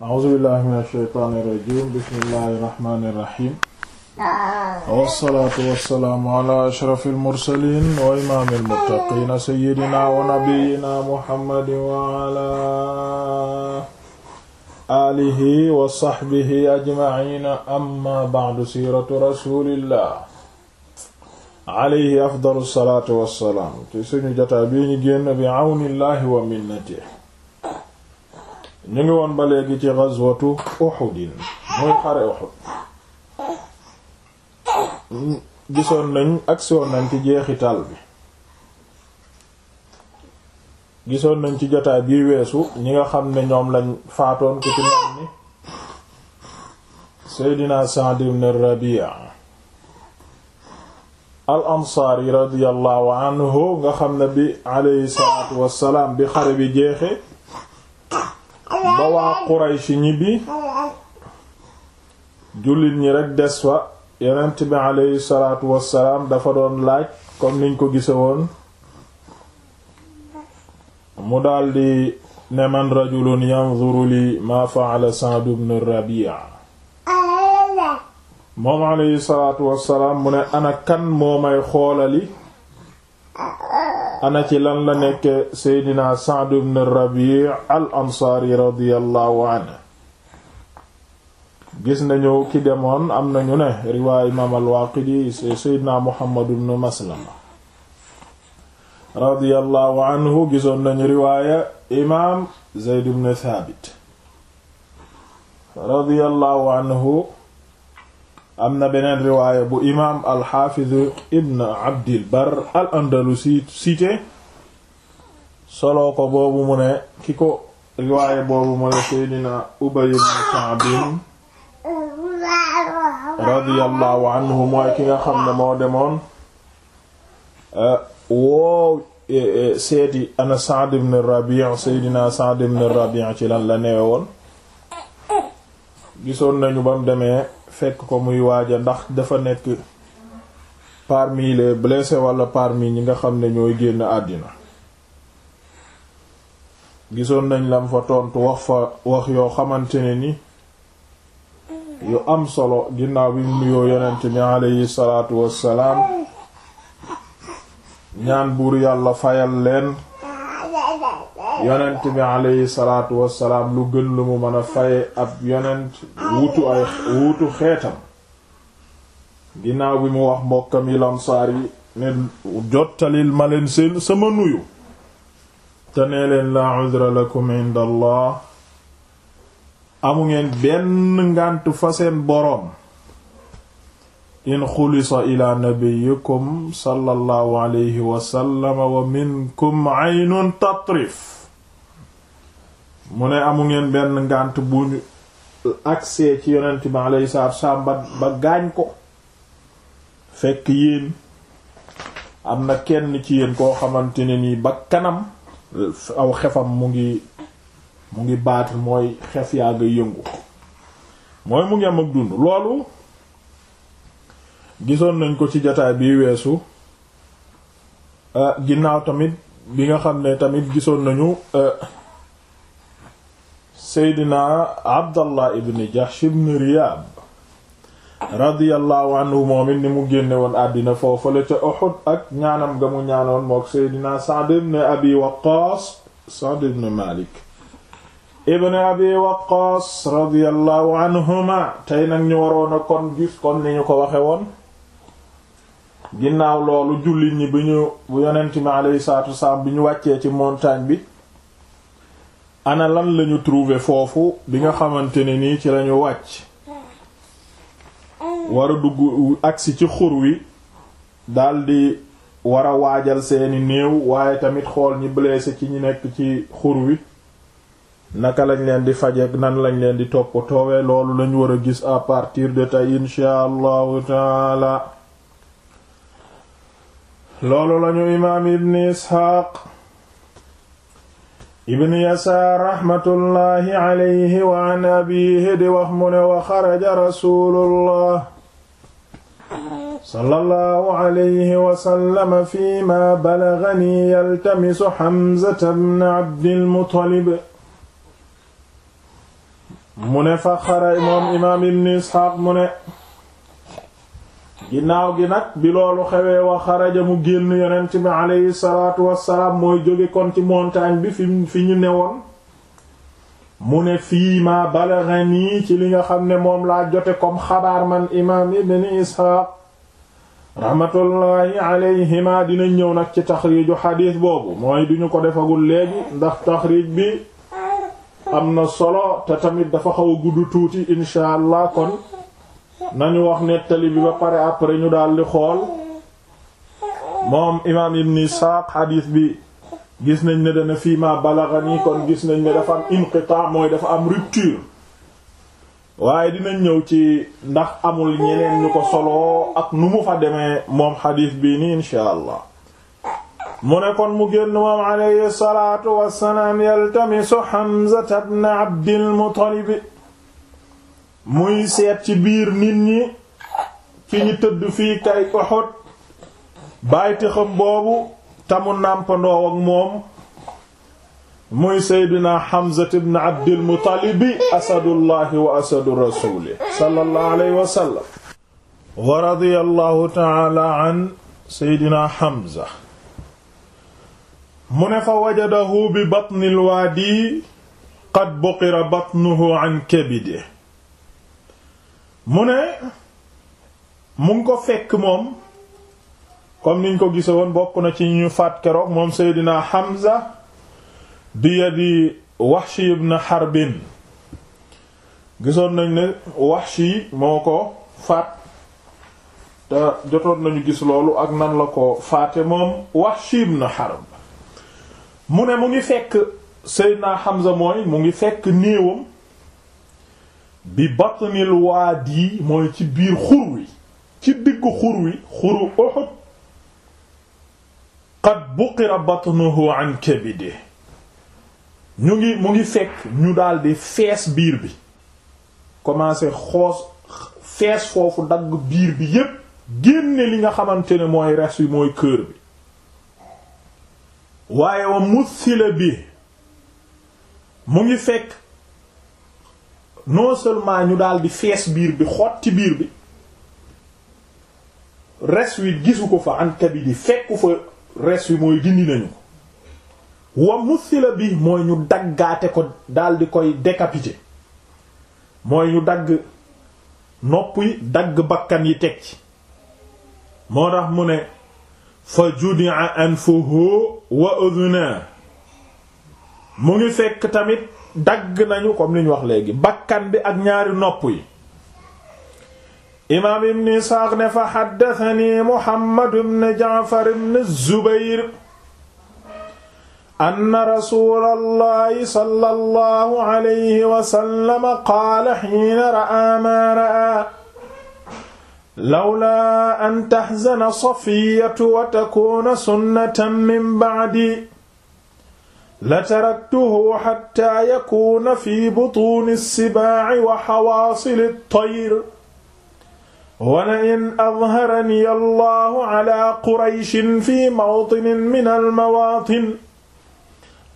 auzubillahi min asheytaani irrajim bismillahi irrahmani irrahim ah. wassalaatu wassalaamu ala ashraf almursalin wa imaami almuttaqina sayidina wa nabiyina muhammadin wa ala alihi wa sahbihi ajmaina amma ba'du siiratu rasulillah alayhi afdalu salaatu wassalaam te suñu jataa bii ñu génn bi awnillahi wa minnatihi ñu ngi woon ba léegi ci ghazwatu Uhud muy xare Uhud gisoon nañ agsi woon nañ ci jeexital bi gisoon nañ ci jotaay bii weesu ñi nga xam ne ñoom lañ faatoon ku ci mel ni Seydina Sa'd ibn Rabi'a al ansaari radiyallahu anhu nga xam ne bi alayhi salaatu wassalaam bi xare bi jeexe ba waa Quraysh ñibbi jullit ñi rekk des fa yonent bi aleyhi salaatu wassalaam dafa doon laaj comme niñ ko gise woon mu daldi ne man rajulun yanzuru li ma fa'ala Sa'd ibn Rabi'a moom aleyhi salaatu wassalaam mu ne ana kan moo xoolali ana ci lan la nekk seydina Sa'd ibn Rabi' al ansaari radiyallahu anhu gis nañu ki demoon am nañu ne riwaay imaam al-Waaqidi seydina Muhammad ibn Maslama radiyallahu anhu gisoon nañu riwaaya imaam Zayd ibn Thaabit radiyallahu anhu am na beneen riwaaya bu imaam alxaafiz ibn abdil bar al andalusi cité soloo ko boobu mu ne ki ko riwaaya boobu mu ne seydina ubay ibn ka'b radiyallahu anhu mooy ki nga xam ne moo demoon eh, woo eh, eh, seeti ana Sa'd ibn Rabi' seydina Sa'd ibn Rabi' ci lan la newe woon gisoon nañu bam demee fekk ko muy waaja ndax dafa nekk parmi les blessés wala parmi ñi nga xam ne ñooy génn àddina gisoon nañ lam fa tontu wax fa wax yoo xamante ni yu am solo ginnaaw bi nuyoo yonent mi aleyhi salaatu wassalaam ñaan buur yàlla fayal leen yonent bi aleyhi salaatu wassalaam lu gën lu mu mën a faye ab yonent wuutu ay wuutu xeetam ginnaaw bi mu wax mbokkam yi lansaar yi ne jottalil ma leen sama nuyu te nee leen laa udra lakum inda allah amu ngeen benn ngànt fa seen boroom in xulisa ila nabiyikum sallallahu alayhi wa wa minkum aynun tatrif mu ne amu ngeen benn ngànt bu ñu agsee ci yonent bi alayhi salaatu salaam ba ba gaañ ko fekk yéen am na kenn ci yéen koo xamante ne nii ba kanam aw xefam mu ngi mu ngi baat mooy xef yaa nga yëngu mooy mu ngi am ak dund loolu gisoon nañ ko ci jataay bi weesu ah, ginnaaw tamit bi nga xam ne tamit gisoon nañu ah, seydina abdallah ibn jahsh ibn riyaab radiyallahu anhu moom ni mu génne woon àddina foofale ca Uhud ak ñaanam ga mu ñaanoon mook seydina Sa'd ibn abi waqqaas Sa'd ibn Maalik ibn abi waqqaas radiyallahu anhuma tey nag ñu waroon a kon gis kon ni ñu ko waxe woon ginnaaw loolu jullit ñi bi ñu bu mi alayhi ñu wàccee ci montagne bi ana lan lañu trouver foofu bi nga xamante ne nii ci lañu wàcc war dugg agsi ci xur wi daldi war a waajal seeni néew waaye tamit xool ñi blessé ci ñu nekk ci xur wi naka lañ leen di fajeek nan lañ leen di toppatoowee loolu lañu war a gis à partir de tey insha allahu taala loolu lañu imaam ibn Isxaaq ibn yasaar raxmatullaahi alayhi wa an abiihi di wax mu ne wa xaraja rasuulullah sallallahu alayhi wa sallam fi ma balagani yaltamisu xamzata bn abdilmutalib mu ne fa xara moom imaam ibn isxaaq mu ne ginnaaw gi nag bi loolu xewee wa xaraja mu génn yonent bi aleyhi salaatu wassalaam mooy jóge kon ci montagne bi fi fi ñu newoon mu ne fii ma balaghani ci li nga xam ne moom laa jote comme xabaar man imaam ibn isxaaq rahmatullahi alayhima dina ñëw nag ci taxriiju xadiis boobu mooy duñu ko defagul léegi ndax taxriij bi am na solo te tamit dafa xaw a gudd tuuti incha allah kon nañu wax nettali bi ba pare après ñu daldi xool moom imaam ibn Isaaq xadiis bi gis nañ ne dana fii ma balaghani kon gis nañ ne dafa am inqita mooy dafa am rupture waaye dina ñëw ci ndax amul ñeneen ñu ko soloo ak nu mu fa demee moom xadiis bii ni insha allah mu ne kon mu génn moom alayhi salaatu wassalaam yaltamisu Hamza ibn Abdil Muttalib muy seet ci biir nit ñi ci ñi tëdd fii kay Uhud bàyti xam boobu tamu nàmpandoo ak moom muy seydina Hamza ibn Abdil Muttalib asadullahi wa asadu rasuli sallallahu alayhi wa sallam wa radiyallahu ta'ala an seydina Hamza mu ne fa wajadahu bi batnil waadi qad buqira batnuhu an kabidi mu ne mu ngi ko fekk moom comme niñ ko gise woon bokk na ci ñu faat keroog moom Seydina Hamza bi yadi Wahshi na Harbin gisoon nañ ne wax Wahshi moo ko faat te jotoon nañu gis loolu ak nan la ko faate moom Wahshi ibn Harb mu ne mu ngi fekk Seydina Hamza mooy mu ngi fekk néewam bi batnil waadi mooy ci biir xur wi ci diggu xur wi xuru Uhud qad buqira batnuhu an kabidi ñu ngi mu ngi fekk ñu daldi fees biir bi commencé xoos fees foofu dagg biir bi yépp génne li nga xamante ne mooy res bi mooy kër bi waaye wa musila bi mu ngi fekk non seulement ñu daal di fees biir bi xotti biir bi res wi gisu ko fa an kabidi fekku fa res wi mooy dindi nañu ko wa musila bi mooy ñu daggaate ko daldi koy décapité mooy ñu dagg nopp dagg bakkan yi teg ci moo tax mu ne fa judia anfuhu wa udhuna mu ngi fekk tamit dagg nañu comme li ñu wax léegi bakkan bi ak ñaari nopp yi imaam ibn Isaaq ne fa xaddatani Muhammad ibn Jaafar ibn Zubayr anna rasuulallahi sallallahu alayhi wa sallam qaala xiina ra'aa maa ra'aa lawlaa an taxzana Safiyyatu wa takuuna sunnatan min ba'di la taraktuhu xatta yakuuna fi butuuni sibaaci wa xawaasili tayr wa la in adharani allahu ala qurayshin fi mawtinin min almawaatin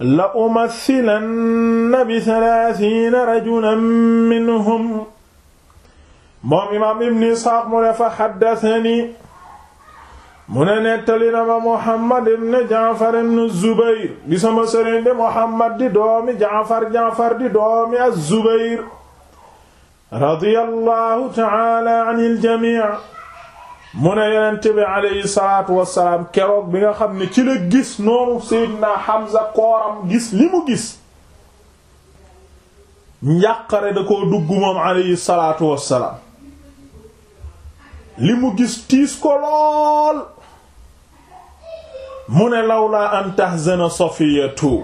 la umathilanna bi talaathiina rajulan minhum moom imaam ibn Isxaaq mu ne fa xaddathani mu ne nettali na ma Muhammad ibn Jaafar ibn Zubayr bi sama Muhammad di doomi Jaafar Jaafar di doomi az-Zubayr radiyallahu ta'ala anil jamii mu ne yonent bi alayhi salaatu wassalaam keroog bi nga xam ne ci la gis noonu Seydina Hamza kooram gis li mu gis njàqare da koo dugg moom salaatu wassalaam li gis tiis ko lool mu ne law lawla an tahzana safiyatu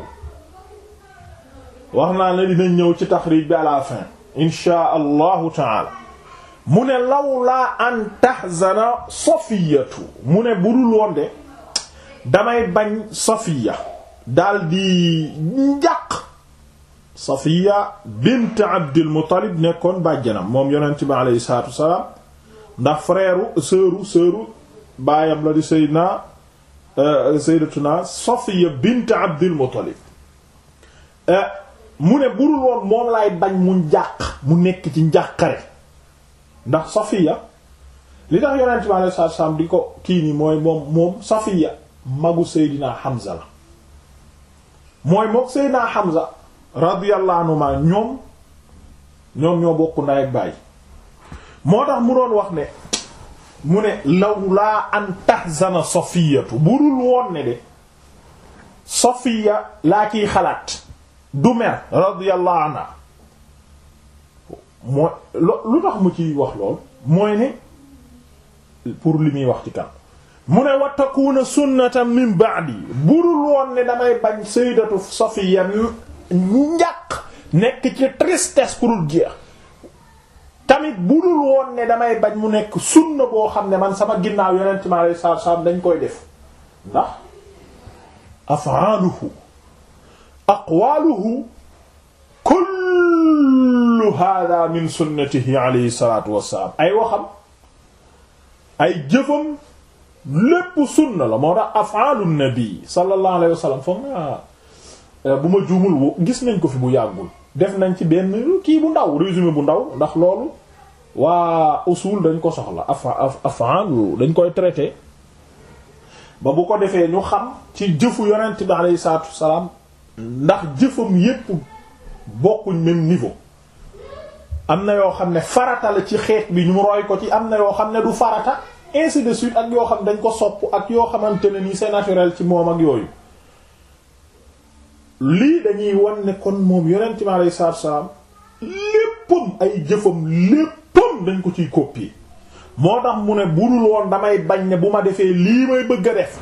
wax naa la dinañ ñëw ci taxrij bi à la fin inshaa allahu taala mu ne lawla an tahzana safiyatu mu ne budul woon de damay bañ safiya daldi njàq safiya bint abdil muttalib nekkoon bàjjanam moom yonent bi aleyhi salaatu wasalaam ndax frère sœuru sœuru baayam la di seydina Euh, sayyidatuna Safiya bint Abdul Muttalib euh, mu ne burul woon moom laay bañ mu njàq mu nekk ci njàqare ndax Safiya li tax yonent bi alayhi di ko kii nii mooy moom moom Safiya magu Seydina Hamza la mooy moog Seydina Hamza radiyallahu anhuma ñoom ñoo bokk ndey ak baay moo tax mu doon wax ne mu ne lawlaa an tahzana safiyatu budul woon ne de safiya laa ciy xalaat du mer radiyallahu anha mooy lu tax mu ciy wax lool mooy ne pour li muy wax ci kan mu ne wa takuna sunnatan min ba'di budul woon ne damay bañ sayyidatu safiya njàq nekk ci tristesse pour jeex tamit bu dul woon ne damay bañ mu nekk sunna boo xam ne man sama ginnaaw yonent mi alayhi salaatu salaam dañ koy def ndax af'aaluhu aqwaaluhu kullu haadaa min sunnatihi ay waxam ay jëfam lépp sunna la moo tax af'aalu nabi sallallahu alayhi wasallam foog naa eh, bu ma juumul gis nañ ko fi bu yàggul def nañ ci benn kii bu ndaw résumé bu ndaw ndax loolu waa usul dañ ko soxla af'al dañ koy traité ba bu ko defee ñu xam ci jëfu yonent bi alayhi salaatu wassalaam ndax jëfam yépp bokkuñ même niveau am na yoo xam ne farata la ci xeet bi ñu roy ko ci am na yoo xam ne du farata ainsi de suite ak yoo xam dañ ko sopp ak yoo xamante ne ni c'est naturel ci moom ak yooyu lii dañuy wan ne kon moom yonent bi alayhi salaatu wassalaam léppam ay jëfam lépp pom dañ ko ci copier moo tax mu ne budul woon damay bañ ne bu ma defee lii may bëgg a def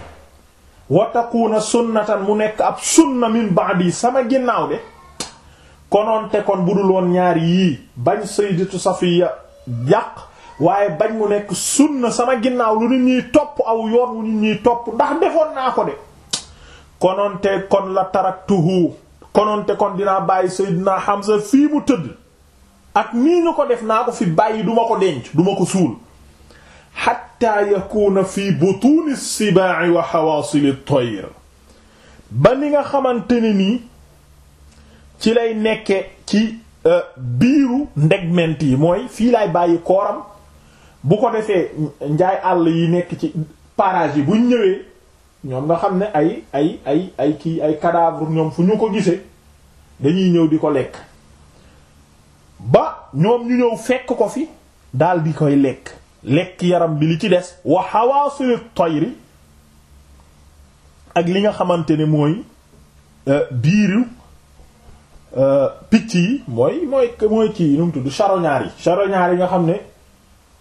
wa takuuna sunnatan mu nekk ab sunna min ba'di sama ginnaaw de konoon ñaar yii bañ sayyidatu Safiya yàq waaye bañ mu nekk sunna sama ginnaaw lu topp aw yoon wu topp ndax defoon naa ko de konoon kon la taraktuhu konoon te kon dinaa bàyyi sayyidina Hamza fii mu tëdd ak nii ñu ko def naa ko fi bàyyi duma ko denc duma ko suul xatta yakuna fi butuuni sibaa'i wa xawaasili tayr ba ni nga xamante ne nii ci lay nekke ci euh, biiru ndegment yi mooy fii laay bàyyi kooram bu ko defee njaay àll yi nekk ci parage yi buñ ñëwee ñoom nga xam ne ay ay ay ay kii ay cadavre ñoom fu ñu ko gisee dañuy ñëw di ko lekk ba ñoom ñu ñëw fekk ko fi daal di koy lekk lekk yaram bi li ci des wa xawaasili tayri ak li nga xamante ne mooy euh, biiru euh, picc yi mooy mooy mooy kii nu mu tudd charognard yi charognard yi nga xam ne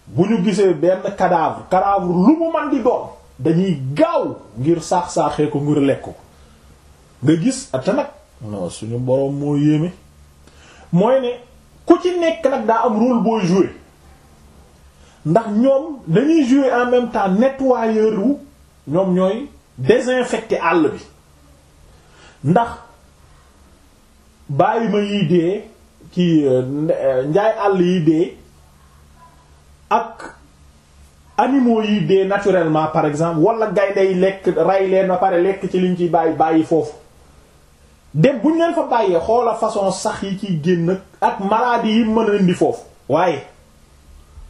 bu ñu gisee benn cadavre cadavre lu mu man di doon dañuy gaaw ngir saax-saaxee ko ngir lekk ko nga gis ate nag non suñu boroom moo yéeme mooy ne ku ci nekk nag daa am rôle booy jouer ndax ñoom dañuy jouer en même temps nettoyeur wu ñoom ñooy désinfecter àll bi ndax bàyyi ma yiy dee ci euh, njaay àll yi dee ak animaux yi dee naturellement par exemple wala gaynde yi lekk rey leen ba pare lekk ci liñ ci bàyyi bàyyi foofu dem buñ leen fa bàyyee xoola façon sax yi ciy génn ak maladie yi mën a indi foofu waaye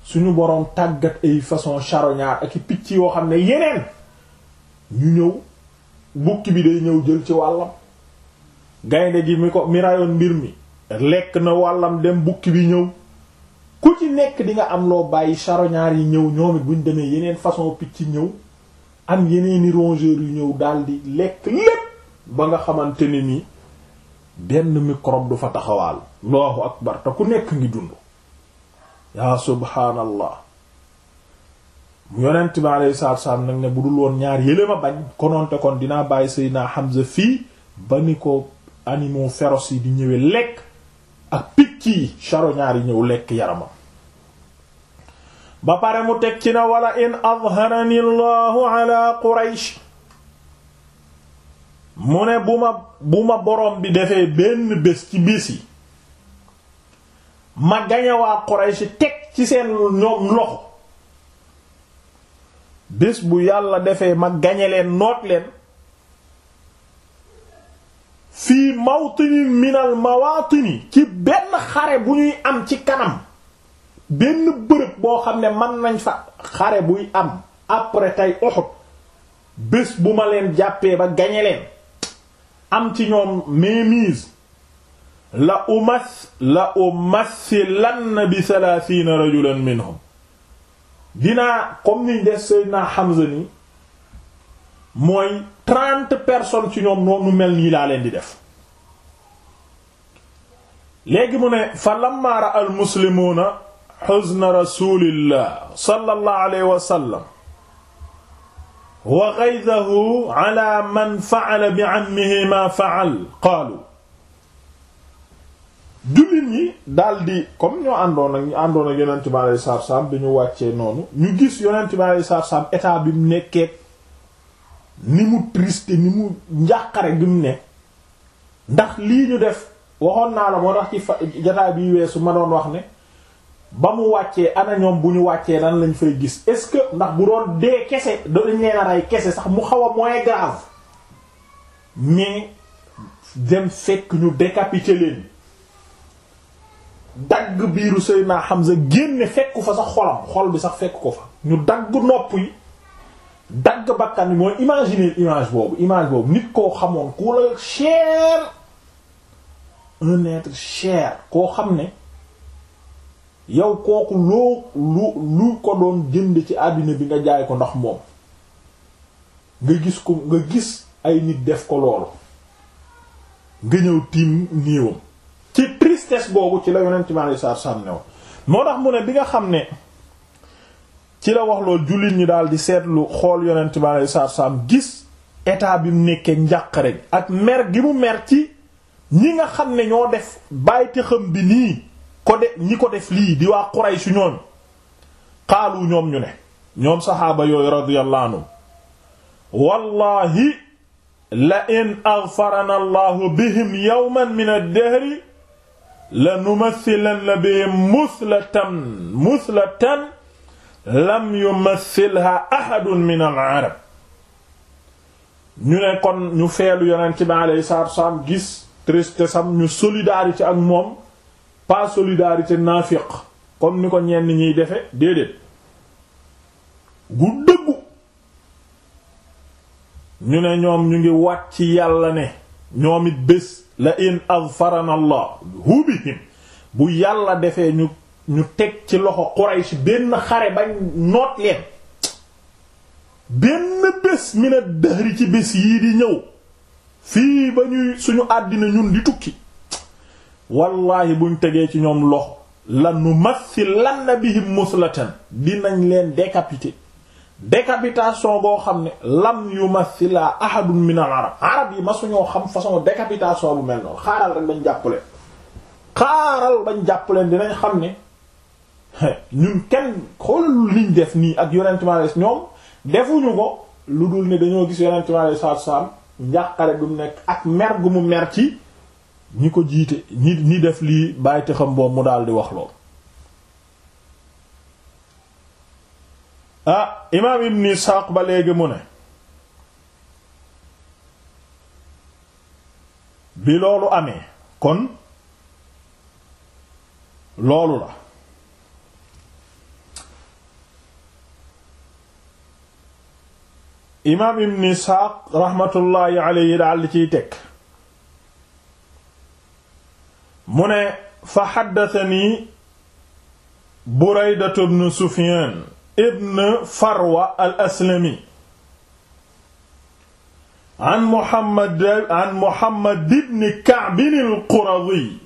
suñu boroom tàggat ay façon charognard ak i picc yoo xam ne yeneen ñu ñëw bukki bi day ñëw jël ci wàllam gaynde gi mi ko mi rayoon mbir mi lekk na wàllam dem bukki bi ñëw ku ci nekk di nga am loo bàyyi charognard yi ñëw ñoom buñ demee yeneen façon picc ñëw am yeneeni rongeurs yu ñëw daal di lekk lépp ba nga xamante ni ni benn microbe du fa taxawaal allahu akbar te ku nekk ngi dund yaa subhaanallah mu yonent bi alayhi salaatu salaam nag ne bu dul woon ñaar yële ma bañ kononte kon dinaa bàyyi Seydina Hamza fii ba ni ko animaux féroces yi di ñëwee lekk ak picc yi charognard yi ñëw lekk yaramam ba pare mu teg ci na wala in azharani allahu ala quraysh mu ne bu ma bu ma borom bi defee benn bés ci bés yi ma gañe waa Quraysh teg ci seen ñoom loxo bés bu yàlla defee ma gañe leen noot leen fii mawtini minal mawatini ci benn xare bu ñuy am ci kanam benn bërëb boo xam ne mën nañ fa xare buy am après tey Uhud bés bu ma leen jàppee ba gañe leen am ci ñoom mainmise la umas la umassilanna bi thalathina rajulan minhum dinaa comme niñ def Seydina Hamza ni mooy trente ci ñoom noonu mel ni laa leen di def léegi mu ne fa lamma ra al muslimuuna huzna rasulillah sallallahu alayhi wa wa ghayzahu ala man fa'ala bi ammihi ma fa'al qaalu jullit ñi daldi comme ñoo àndoon ak ñu àndoon ak yonent bi alayhi salaatu salaam bi ñu wàccee noonu ñu gis yonent bi alayhi salaatu salaam état bi mu nekkee ni mu triste ni mu njàqare bi mu ne ndax lii ñu def waxoon naa la moo tax ci fa jataay biy weesu ma doon wax ne ba mu wàccee ana ñoom bu ñu wàccee nan lañ fay gis est-ce que ndax bu doon dee kese dañ leen kese sax mu xaw a moins grave mais dem fekk ñu décapité leen dagg biiru Seydina sa génne fekku fa sax xolam xol bi sax fekk ko fa ñu dagg nopp yi dagg bakkan bi mooy imaginer image boobu image boobu nit koo xamoon ku la cher un être cher koo xam ne yow kooku loo lu lu ko doon jënd ci àddina bi nga jaay ko ndax moom nga gis ko nga gis ay nit def ko loolu nga ñëw tiim niiwam ci tristesse boobu ci la yonent mi alei saatu salaam ne woon moo tax mu ne bi nga xam ne ci la wax loolu jullit ñi daal di seetlu xool yonent mi alei saatu salaam gis état bi mu nekkee njàqare ak mer gi mu mer ci ñi nga xam ne ñoo def bàyyite xam bi nii ko de ñi ko def lii di waa Quraysh ñooñ xaalu ñoom ñu ne ñoom saxaaba yooyu radiyallahu wallahi la in aghfarana allahu bihim yawman min ad-dahri la numathilanna bihim muslatan muslatan lam yumathilha ahadun min al-arab ñu ne kon ñu feelu yonent bi alayhi salaatu wa salaam gis tristesse am ñu solidarité ak moom pas solidarité naafiq comme ni ko ñenn ñiy defe déedéet gu dëggu ñu ne ñoom ñu ngi wat ci yàlla ne ñoom it bés la in azfarana allah hu bu yàlla defee ñu ñu teg ci loxo Quraysh benn xare bañ noot leen benn bés mina dëhri ci bés yii di ñëw fii ba ñuy suñu àddina ñun di tukki wallaahi buñ tegee ci ñoom loxo la nu massi lan na bihim muslatan dinañ leen décapité décapitation boo xam ne lam yu mathila ahadun min arab arab yi ma suñoo xam façon décapitation bu mel noonu xaaral rek bañ jàppaleen xaaral bañ leen dinañ xam ne ñun kenn xoolal liñ def nii ak yonent mi alayhi ñoom defuñu ko lu dul ne dañoo gis yonent mi alayhi salaatu salaam njàqare nekk ak mer gu mu mer ci ñi ko jiite ñi ñi def lii bàyyite xam boobu mu daal wax lool ah imaam ibn Isxaaq ba léegi mu ne bi loolu amee kon loolu la imaam ibn Isxaaq raxmatullaahi alayhi daal di ciy teg mu ne fa xaddatani buraydatu bnu sufiyaan ibn farwa al aslami an muhammad an muhammad ibn kaabin al quradi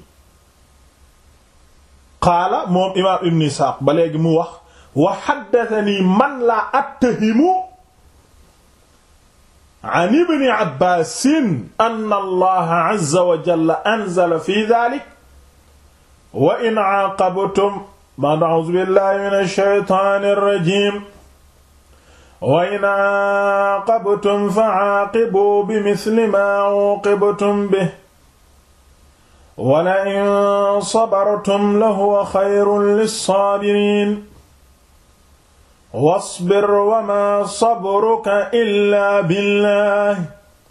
qaala moom imaam ibn isxaaq ba léegi mu wax wa xaddatani man laa attahimu an ibni abbaasin anna allaha azza wa jalla anzala fi dalik wa in aaqabtum ba'd a'uuzu billahi minash shaytaanir rajiim wa in aaqabtum fa'aaqibu bimithli maa uqibtum bihi wa la'in sabartum lahuwa xayrun lis-saabiriin wasbir wa maa sabruka illaa billaah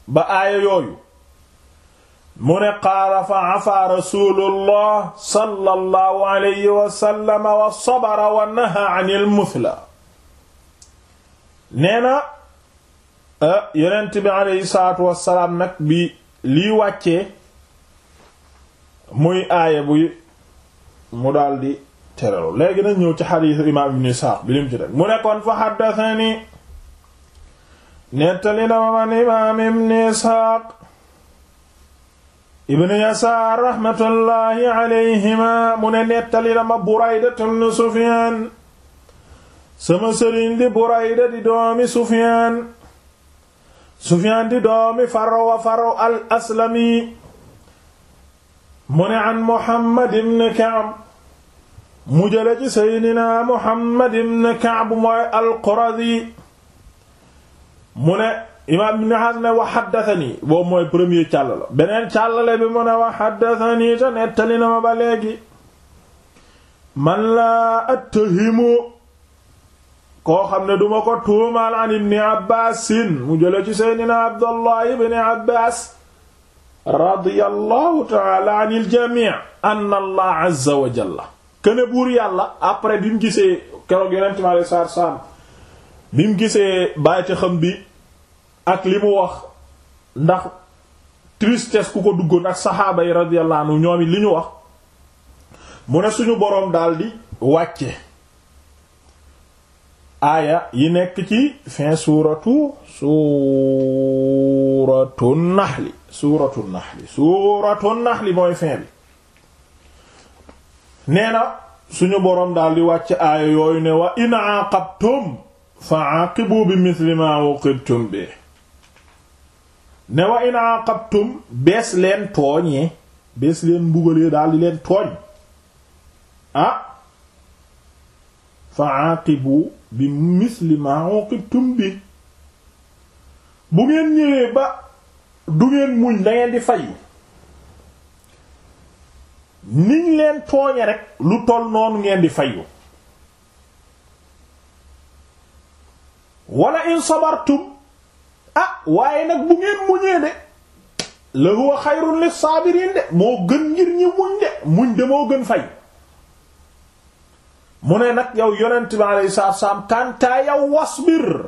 ba aaya yooyu mu ne qaala fa afa rasulullah sallallahu alayhi wa sallam wa sabara wa naha anil muthla nee na eh, yonent bi alayhi salaatu wassalaam nag bi lii wàccee muy aaya bu mu daldi terelu léegi nañ ñëw ci xadiisu imaam ibn Isaaq bi lim ci rek mu ne kon fa haddathani nettali dama man imaam ibn Isaaq ibn yasaar raxmatullaahi alayhima mu ne nettali burayda ibn sufyaan sama sëriñ burayda di doomi sufyaan sufyaan di doomi farwa wa farwa al aslami an muhammad ibn kaab mu jële muhammad ibn kaab mooy al quradi imaam ibn Hazm wa haddathani boobu mooy premier càllala beneen càllale bi mu wa haddathani te nettali ma ba man laa attahimu koo xam ne duma ko tuumaal an ibni abbasin mu jële ci seydina abdullah ibni abbas taala an il jamii allah azza wa jalla kene buur yàlla après bi mu gisee keroog yonent mi alayhi salaatu wa salaam bi mu gisee bàyyi bi ak li mu wax ndax tristesse ku ko dugg ak saxaaba yi radiyallahu anhu ñoom li ñu wax mu ne suñu boroom daldi wàcce aaya yi nekk ci fin suuratu suuratu naxli suuratu naxli suuratu naxli mooy fin nee na suñu boroom daldi wàcce aaya yooyu ne wa in aaqabtum fa aaqibu bi mithli ma uqibtum bi ne wa in aqabtum bees leen tooñee bees leen mbugalee daal di leen tooñ ah fa aqibu bi misli ma uqibtum bi bu ngeen ñëwee ba du ngeen muñ da ngeen di fayu niñ leen tooñe rek lu toll noonu ngeen di fayu wala in sabartum ah waaye nag bu ngeen muñee de la huwa xayrun lis saabiriin de moo gën ngir ñi muñ de muñ de gën fay mu ne nag yow yonent bi alayhi salaatu salaam kantaa yow wasbir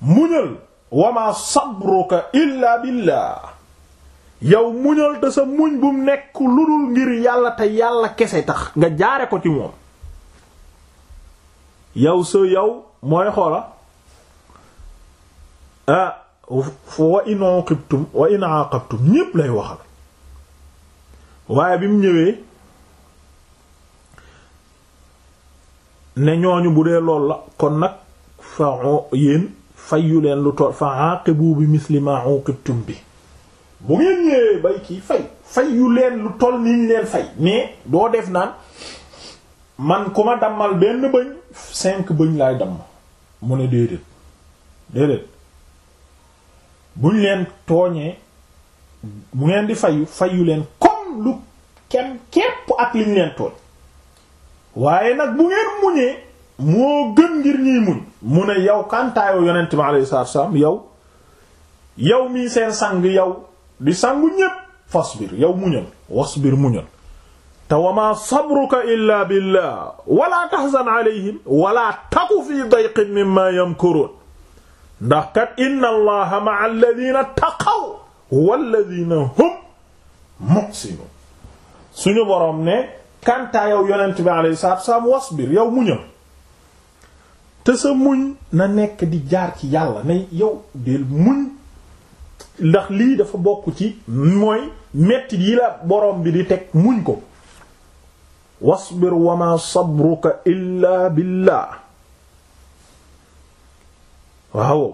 muñal wama sabruka illa billah yow muñal te sa muñ bu nekk lu dul ngir yàlla te yàlla kese tax nga jaare ko ci moom yow sa yow mooy xoola ah wa in uqibtum wa in aqabtum ñépp lay waxal waaye bi mu ñëwee ne ñooñu bu dee lool la kon nag fa yéen fayyu leen lu toll fa aqibu bi misli ma uqibtum bi bu ngeen ñëwee bay kii fay fayyu leen lu toll niñ leen fay mais doo def naan man ku ma dammal benn bëñ cinq bëñ laay damm mu ne déedéet déedéet buñ leen tooñee bu ngeen di fayu fayu leen comme lu kem képp ak liñ leen tooñ waaye nag bu ngeen muñee moo gën ngir ñuy muñ mu ne yow kantaayoo yonent bi alayhi salaatu wasallam yow yow mii seen sang yow di sangu ñépp fasbir yow muñal wasbir muñal te wamaa sabruka illa billah wala tahzan alayhim wala taku fi ndax kat inna allaha ma'a alladhina taqaw walladhina hum muhsinun suñu boroom ne kantaa yow yonent bi alayhi salaatu wassalaam wasbir yow muñal te sa muñ na nekk di jaar ci yàlla ne yow del muñ ndax lii dafa bokk ci mooy metti yi la boroom bi di teg muñ ko wasbir wa ma sabruka illa billah waaw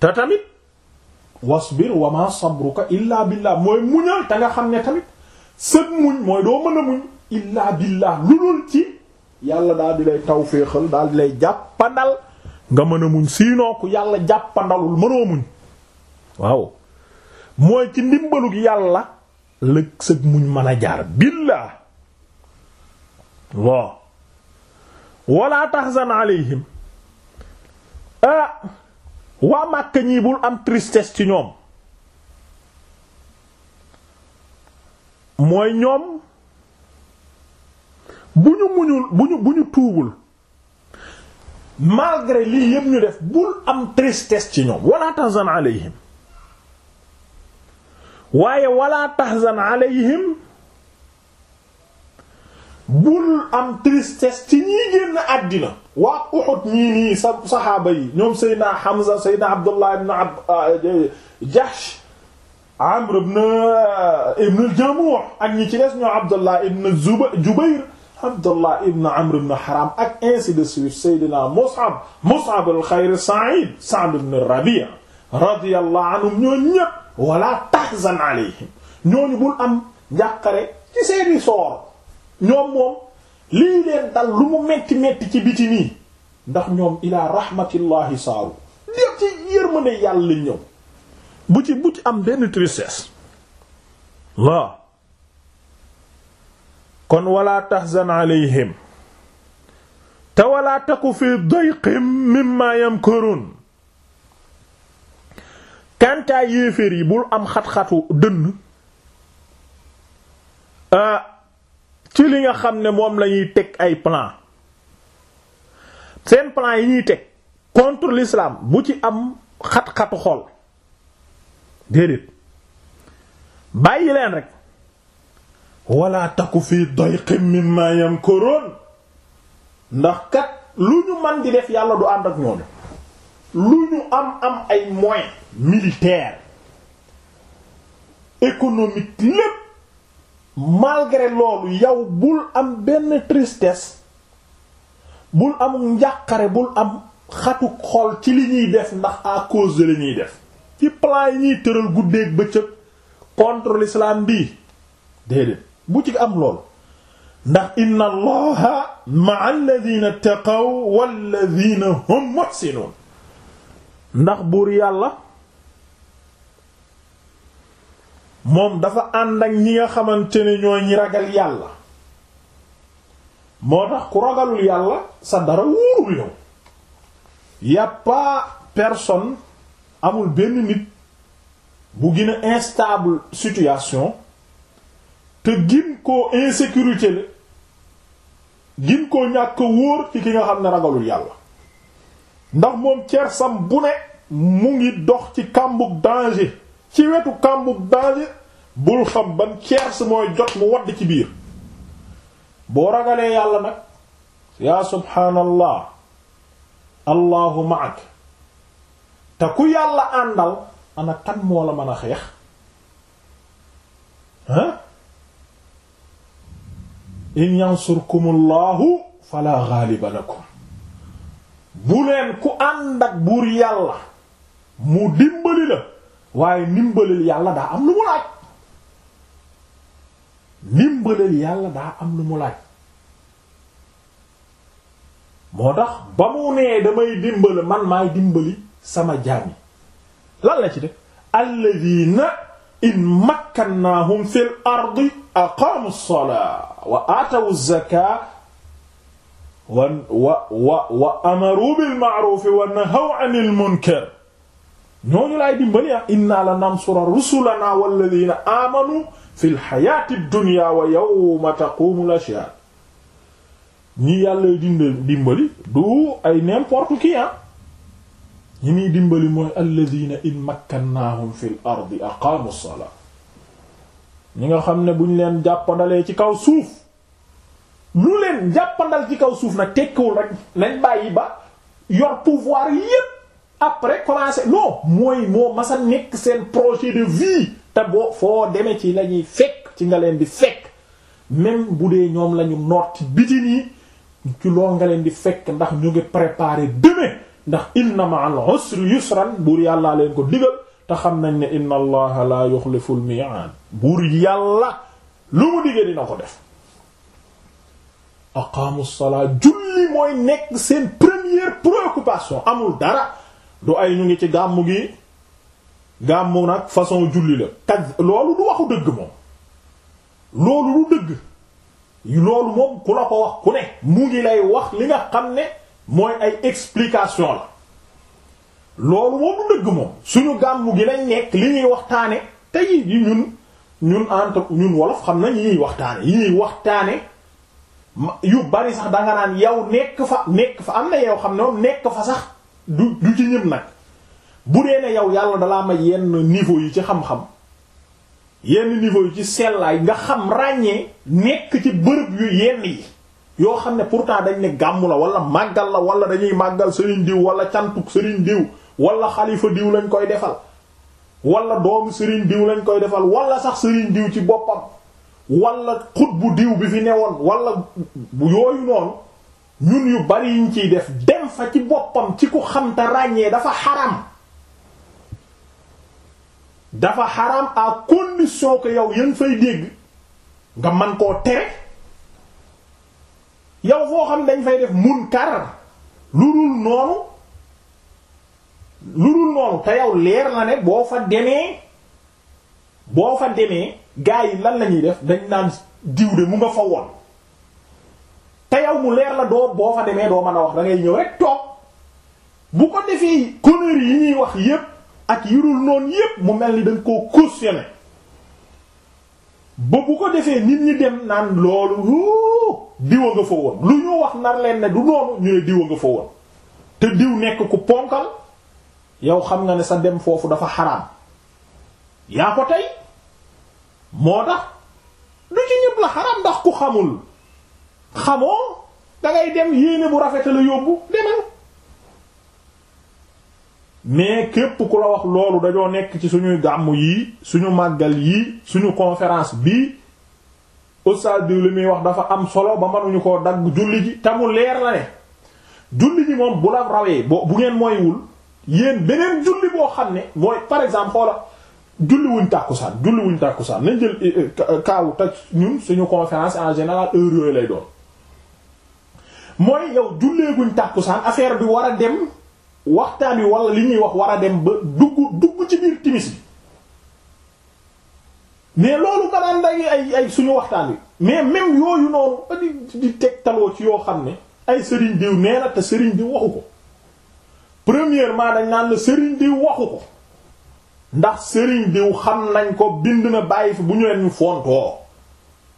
te tamit wasbir wa ma sabruka illa billah mooy muñal te nga xam ne tamit sët muñ mooy doo mën a muñ illa billah lu dul ci yàlla daal di lay tawféexal daal di lay jàppandal nga mën a muñ siinoo ku yàlla jàppandalul mënoo muñ waaw mooy ci ndimbalug yàlla lëg sëg muñ mën a jaar billaa waaw wala tahzan alayhim ah waa Màkka ñii bul am tristesse ci ñoom mooy ñoom bu ñu muñul bu ñu tuubul malgré lii yëpp ñu def bul am tristesse ci ñoom wala tahzan alayhim waaye wala tahzan alayhim bul am tristesse ci ñii génn àddina waa Uhud ñii nii sa saxaaba yi ñoom Seydina Hamza Seydina Abdullah ibn ah, Jahsh Amr ibn ibn al-Jamuh ak ñi ci des ñoo Abdullah ibn Jubayr Abdullah ibn Amr ibn Haram ak ainsi de suite Seydina Mus'ab Mus'ab al-Khayr Sa'id Sa'd ibn Rabi' radiyallahu anhum ñooñu ñépp wala tahzan alayhim ñooñu bul am njàqare ci seeni soor ñoom moom lii leen dal lu mu metti metti ci biti nii ndax ñoom ilaa rahmatillahi saaru def ci yërmande yàlla ñëw bu ci bu ci am benn tristesse waaw kon wala tahzan alayhim te wala taku fi dayqim mimma yamkurun kantaa yéeféer yi bul am xatxatu xatu dënn euh, ci li nga xam ne moom lañuy teg ay plan seen plan yi ñuy teg contre lislaam bu ci am xat-xatu xol déedéet bàyyi leen rek wala taku fii dayqin mimma yamkurun ndax kat lu ñu man di def yàlla du ànd ak ñooñu lu ñu am am ay moyens militaires économiques lépp malgré loolu yow bul am benn tristes bul am njàqare bul am xatu xol ci li ñuy def ndax à cause de li ñuy def ci plan yi ñuy tëral guddeeg bëccëg contre l'islam bi bu ci am lool ndax inna allaha ma'a alladhina taqaw walladhina hum muhsinun ndax buur yàlla moom dafa ànd ak ñi nga xamante ne ñooy ñi ragal yàlla moo tax ku ragalul yàlla sa dara wóorul yow y'a personne amul benn nit bu gina a instable situation te gin koo insécurité la gin koo ñàkk wóor ci ki nga xam ne ragalul yàlla ndax moom cersam bu ne mu ngi dox ci kàmbug danger ci wetu kàmbu danger bul xam ban ceers mooy jot mu wadd ci biir boo ragalee yàlla nag yaa subhaanallah allahu ma'ak te ku yàlla àndal ana kan moo la mën a xeex ah in yansurkumullahu fala ghaliba lakum bu ku ànd buur yàlla mu dimbali la waaye ndimbalal yàlla daa am lu mu laaj ndimbalal yàlla daa am lu mu laaj moo tax ba mu nee damay dimbali man maay dimbali sama jaam yi lan la ci def alladina in makkannahum fil ardi aqaamu as-salaa wa aatawu zakaa wa wa wa amaru bil ma'ruuf wa nahaw 'anil munkar ñooñu laay dimbali ah inna la nansura rusulana walladina amanu fil hayati dunya wa yawma taqumul ashhad ñi yàlla dind dimbali du ay ah. ñi ñuy dimbali mooy alladina in makkannahum fil ardi aqamu as-salat ñi nga xam ne bu buñ leen jàppandalee ci kaw suuf lu leen jàppandal ci kaw suuf nag tekkiwul rek nañ bàyyi ba yor pouvoir yépp après commencé non mooy moo masa nekk seen projet de vie te boo foo demee ci lañuy fekk ci nga leen di fekk même bu dee ñoom lañu ñu ci biti nii ci loo nga leen di fekk ndax ñu ngi préparer demain ndax inna ma'al usri yusran buur yàllaa leen ko digal te xam nañ ne inna allaha la yuxliful mi'ad buur yàlla lu mu diggee dina ko def aqaamu salaa julli mooy nekk seen première préoccupation amul dara du ay ñu ngi ci gàmmu gi gàmmu nag façon julli la tag loolu du waxu dëgg moom loolu du dëgg loolu moom ku la ko wax ku ne mu ngi lay wax li nga xam ne mooy ay explication la loolu moom du dëgg moom suñu gàmmu gi lañ nekk li ñuy waxtaane te yi ñun ñun entre ñun wolof xam nañ yi ñuy waxtaane yi ñuy waxtaane yu bari sax danga naan yow nekk fa nekk fa am na yow xam ne moom nekk fa sax du du ci ñëpp nag bu dee ne yow yàlla dalaa may yenn niveau yi ci xam-xam yenn niveau yi ci sellaay nga xam ràññee nekk ci bërëb yu yenn yi yoo xam ne pourtant dañ ne gàmmu la wala màggal la wala dañuy màggal sëriñ diw wala cantuk sëriñ diw wala xalifa diw lañ koy defal wala doomu sëriñ diw lañ koy defal wala sax sëriñ diw ci boppam wala xut bu diw bi fi newoon wala yooyu noonu ñun yu bari yiñ ciy def dem fa ci boppam ci ku xam te ràññee dafa xaram dafa xaram à condition que yow yan fay dégg nga man koo tere yow foo xam dañ fay def kar lu dul noonu lu dul noonu te yow leer na ne boo fa demee boo fa demee gaa yi lan lañuy def dañ naan diw de mu nga fa woon te yow mu leer la doo boo fa demee doo mën a wax da ngay ñëw rek toog bu ko defee conneries yi ñuy wax yépp ak yirul noonu yépp mu mel ni dañ koo cautionné ba bu ko defee nit ñi dem naan loolu diwa nga fa woon lu ñu wax nar leen ne du noonu ñu ne diwa nga fa woon te diw nekk ku ponkal yow xam nga ne sa dem foofu dafa xaraam yaa ko tey moo tax du ci ñëpp la xaraam ndax ku xamul xamoo dangay dem yéene bu rafet la yóbbu demal mais képp ku la wax loolu dañoo nekk ci suñuy gàmm yii suñu màggal yii suñu conférence bii oustaz diw li muy wax dafa am solo ba mënuñu ko dagg julli ji te mu leer la ne julli ji moom bu la rawee boo bu ngeen mooywul yéen beneen julli boo xam ne mooy par exemple xoola julli wuñ tàkkusaan julli wuñ tàkkusaan nañ jël eh, eh, kaawu taj ñun suñu conférence en général heure lay doon mooy yow julleeguñ tàkkusaan affaire bi war a dem waxtaan wi wala li ñuy wax war a dem ba dugg dugg ci biir timis bi mais loolu nga daan day ay ay suñu waxtaan wi mais même yooyu noonu di di tegtaloo ci yoo xam ne ay sëriñ diw nee na te sëriñ diw waxu ko premièrement dañ naan la sëriñ diw waxu ko ndax sëriñ diw xam nañ ko bind na bàyyi fi bu ñu leen ñu fontoo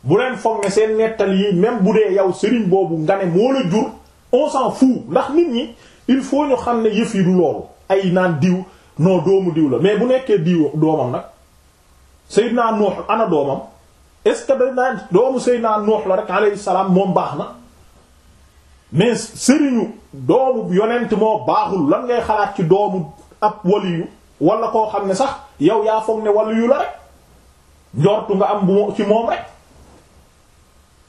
bu leen foog ne seen nettali yi même bu dee yow sëriñ boobu nga ne moo la jur on s'en fout ndax nit ñi il faut ñu xam ne yëf yi du loolu ay naan diw non doomu diw la mais bu nekkee diw doomam nag Seydina Nuux ana doomam ce que danaa doomu Seydina Nuux la rek alayhi salaam moom baax na mais sëriñu doomu yonent moo baaxul lan ngay xalaat ci doomu ab waliyu wala koo xam ne sax yow yaa foog ne waliyu la rek njortu nga am bu ci moom rek.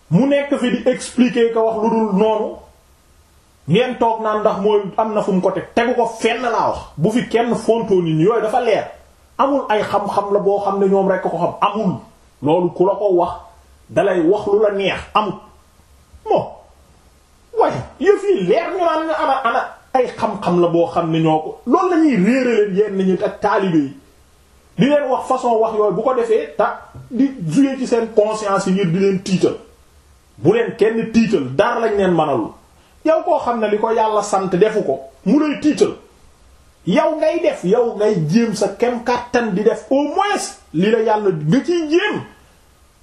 mu nekk fi di expliquer ko wax lu dul noonu ngeen toog naan ndax mooy am na fu mu ko teg tegu ko fenn laa wax bu fi kenn fontoo nit ñi yooyu dafa leer amul ay xam-xam la boo xam ne ñoom rekk ko xam amul loolu ku la ko wax dalay wax neex amul moo waaye yëf yi leer ñu ay xam la boo xam ne ñoo ko loolu la ñuy réere leen yenn ñi ak taalibe yi di leen wax façon wax yooyu bu ko defee ta di jouer ci seen conscience yi ngir di leen tiital bu leen kenn tiital dara lañ leen manalul yow koo xam ne li ko yàlla sant defu ko mu lay tiital yow ngay def yow ngay jéem sa kem kàttan di def au moins li la yàlla nga ciy jéem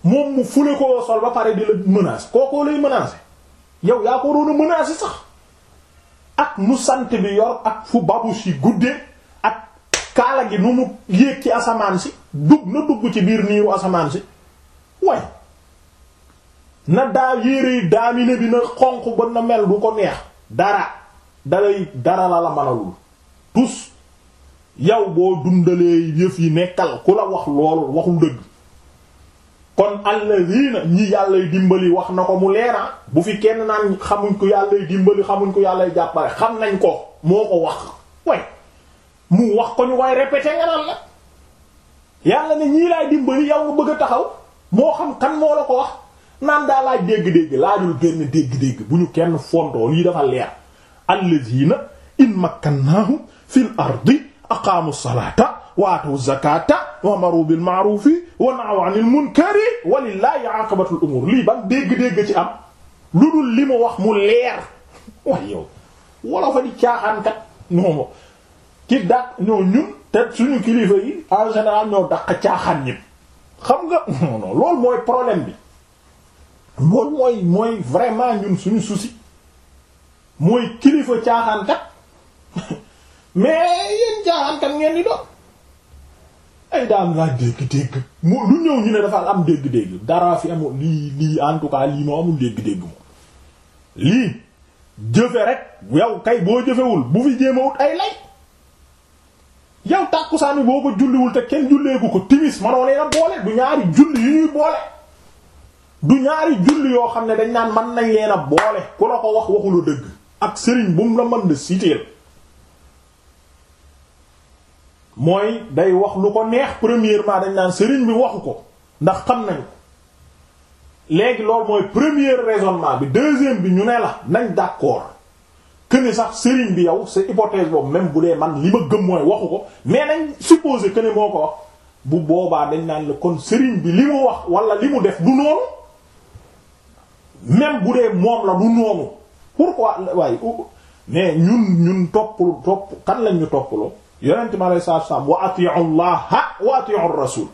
moom mu fule ko sol ba pare di la menace kookoo lay menacer yow yaa ko waroon a menacer sax ak nu sant bi yor ak fu babu si guddee ak kaala gi nu mu yéeg ci asamaan si dug na dugg ci biir niiru asamaan si waaye na daa yére daamine bi na xonq ba na mel du ko neex dara dalay dara la la manalul tus yow boo dundalee yëf yi nekkal ku la wax loolu waxul dëgg kon alladina ñi yàllay dimbali wax na ko mu leera bu fi kenn naan xamuñ ko yàllay dimbali xamuñ ko yàllay jàppale xam nañ ko moo ko wax way mu wax ko ñu waaye répété nga naan la yàlla ne ñii laay dimbali yow nga bëgg a taxaw moo xam kan moo la ko wax naan daa laaj dégg-dégg laajul benn dégg-dégg bu ñu kenn fontoo lii dafa leer allazina in makkannahum fil ardi aqaamu salata waatu zakata wa amaru wa nahaw anil dégg ci am lu dul li mu wax mu leer waaye yow wala fa di caaxaankat ñoom ki daq ñoo ñun te suñu kilifa yi en ñoo daq caaxaan ñëpp xam nga non mooy problème bi loolu mooy mooy vraiment ñun suñu souci mooy kilifa caaxaankat mais yéen caaxaankat ngeen di doon ay daan laa dégg-dégg mu lu ñëw ñu ne dafa am dégg-dégg dara fi amul lii lii en tout cas lii moo amul dégg-dégg moom lii jëfe rek yow kay boo jëfewul bu fi jéema wut ay lay yow tàkkusaan bi boo ko julliwul te kenn julleeku ko timis manoo leena boole du ñaari julli yu ñuy boole du ñaari julli yoo xam ne dañ naan mën nañ leen a boole ku la ko wax waxula dëgg ak sëriñ bu mu la mën na citer mooy day wax lu ko neex premièrement dañ naan sëriñ bi waxu ko ndax xam nañ ko léegi loolu mooy premier raisonnement bi deuxième bi ñu ne la nañ d'accord que sax sëriñ bi yow sa hypothèse boobu même bu dee man li ma gëm mooy waxu ko mais nañ supposer que ne moo ko wax bu boobaa dañ naan la kon sëriñ bi li mu wax wala li mu def du noonu même bu dee moom la du noonu pourquoi waaye mais ñun ñun topp topp kan lañ ñu toppaloo yonent mi alei salatu salaam wa atiu llaha wa atiu rasul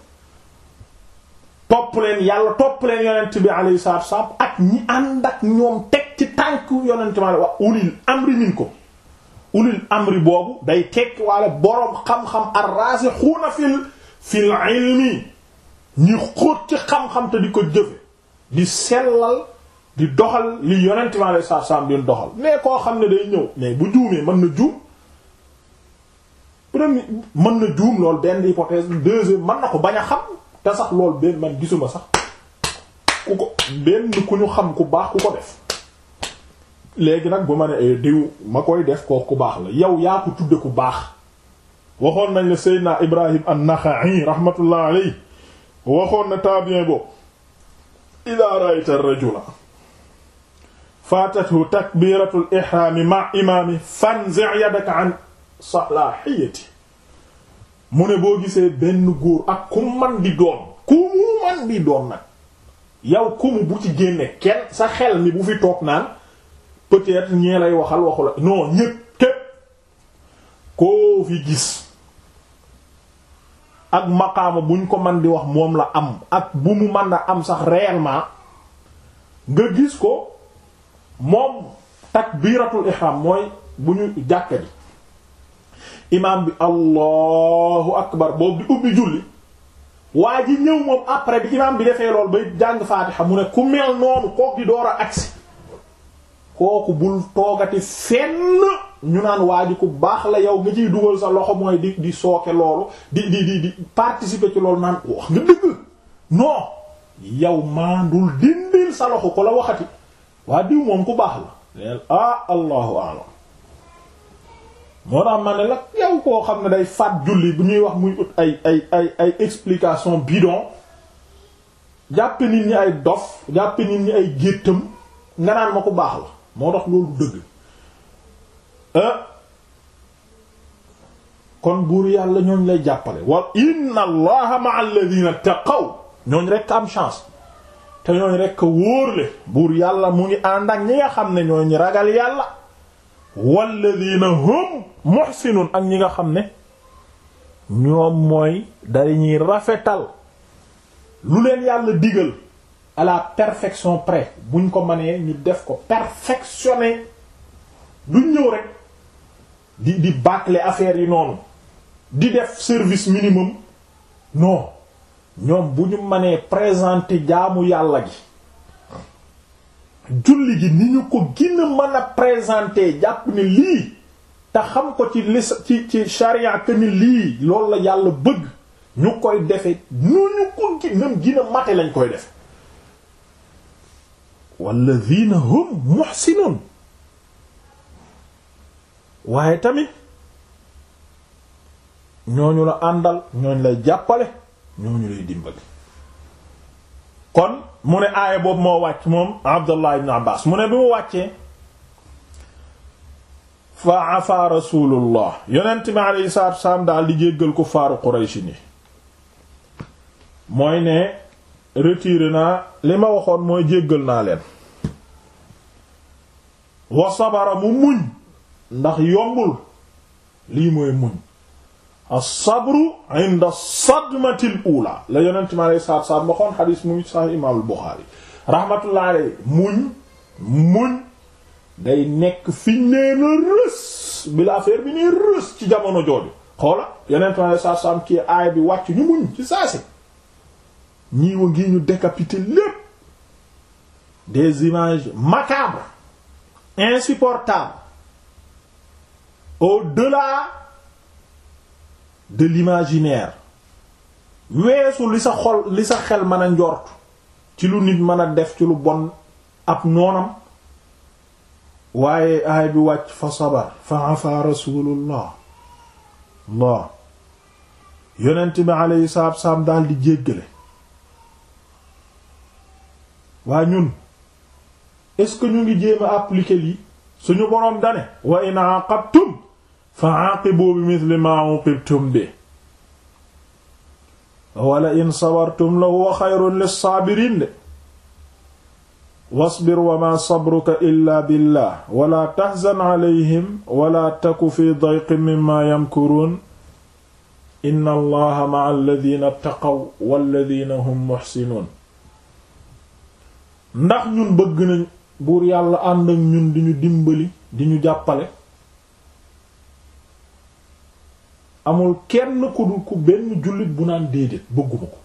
topp leen yàlla topp leen yonent bi alayhi salatu wassalam ak ñi ànd ak ñoom teg ci tànk yonent bi wax ulil amri minkum ulil amri boobu day tekki walla boroom xam-xam ar-raasixuuna fil fil ilmi ñi xóot ci xam-xam te di ko jëfe di sellal di doxal li yonent mi alayhi salaatu salaam di doxal mais koo xam ne day ñëw mais bu juumee mën na juum mën na juum loolu benn hypothèse deuxième mën na ko bañ a xam te sax loolu benn man gisuma sax ku ko benn ku ñu xam ku baax ku ko def léegi nag bu ma ne eh, diw ma koy def ko ku baax la yow yaa ko tudde ku baax waxoon nañ la Seydina Ibrahim an-Naxa'i rahmatullah alayhi waxoon na tabi'in bo ila ra'ayta ar-rajula fatathu takbiratul ihrami ma imaami fanzi' yadaka an salahiyati mu ne boo gisee benn góor ak ku man di doon ku mu man di doon nag yow ku mu bu ci génne kenn sa xel mi bu fi toog naan peut-être ñee lay waxal waxu la non ñépp koo fi gis ak maqaama buñ ko man di wax moom la am ak bu mu mën a am sax réellement nga gis ko moom takbiratul ihram mooy bu ñu jàkka ji imaam bi allahu akbar boobu di ubbi julli waa ji ñëw moom après bi imaam bi defee lool bay jàng faatiha mu ne ku mel noonu kook di door a agsi kooku bul toogati seen ñu naan waa ji ku baax la yow nga ciy dugal sa loxo mooy di di sooke di di di ci loolu naan wax nga dëgg non yow maandul dindil sa loxo ko la waxati waa diw moom ku baax la neel ah allahu a'lam moo tax ma ne la yow koo xam ne day faat julli bu ñuy wax muy ut ay ay ay ay explication bidon jàppe nit ñi ay dof jàppe nit ñi ay géttam nga naan ma ku baax la moo tax loolu dëgg eh? kon buur yàlla ñooñ lay jàppale wa inna allaha ma'al ladina taqaw ñooñ rekk am chance te ñooñ rekk wóorle buur yàlla mu ngi ànd ak ñi nga xam ne ñooñ ragal yàlla walladina hum muhsinun ak ñi nga xam ne ñoom mooy dañuy rafetal lu leen yàlla digal à la perfection près buñ ko mënee ñu def ko perfectionné duñ ñëw rek di di bâcler affaires yi noonu di def service minimum non ñoom bu ñu mënee présenter jaamu yàlla ji julli gi ni ñu ko gën a mën a présenter jàpp ni lii te xam ko ci lis ci ci charia que ni lii loolu la yàlla bëgg ñu koy defe nu ñu ko gi nam gën mate lañ koy defe walladina hum muhsinun waaye tamit ñooñu la àndal ñooñu lay jàppale ñooñu lay dimbali kon mu ne aaya boobu moo wàcc moom Abdullah ibn Abbas mu ne bi mu wàccee fa afa rasulullah yonent bi alayhi salaatu daal di jéggal ko faaru Quraysh ni mooy ne retiré naa li ma waxoon mooy jéggal naa leen wa sabara mu muñ ndax yombul lii mooy muñ as-sabru inda sadmati al-ula la yonent mi aleyhi salaatu salaam waxoon xadiis mu ngi imaamul Buxaari rahmatullahi muñ muñ day nekk fi nee na rës bi la bi nee rës ci jamono jooju xoola yonent mi aleyhi salaatu salaam kii aay bi wàcc ñu muñ ci saasi ñii ngi ñu décapité lépp des images macabres insupportables au-delà de l'imaginaire weesu li sa xol li sa xel mën a njort ci lu nit mën a def ci lu bon ab noonam waaye aay bi wàcc fa sabar fa afa rasulullah Allah yonent bi alayhi salaatu wassalaam daal di jéggale waa ñun est-ce que ñu ngi jéem a appliquer lii suñu boroom dane wa in aqabtum fa aqibu bi mithli ma uqibtum bi wala in sabartum la huwa xayrun lissaabiriin de wasbir wa ma sabruka illa billah wala tahzan alayhim wala taku fi dayqin mimma yamkurun inna allaha ma'a alladhina taqaw walladhina hum muhsinun ndax ñun bëgg nañ buur yàlla ànd ak ñun di ñu dimbali di ñu jàppale amul kenn ku dul ku benn jullit bu naan déedéet bëgguma ko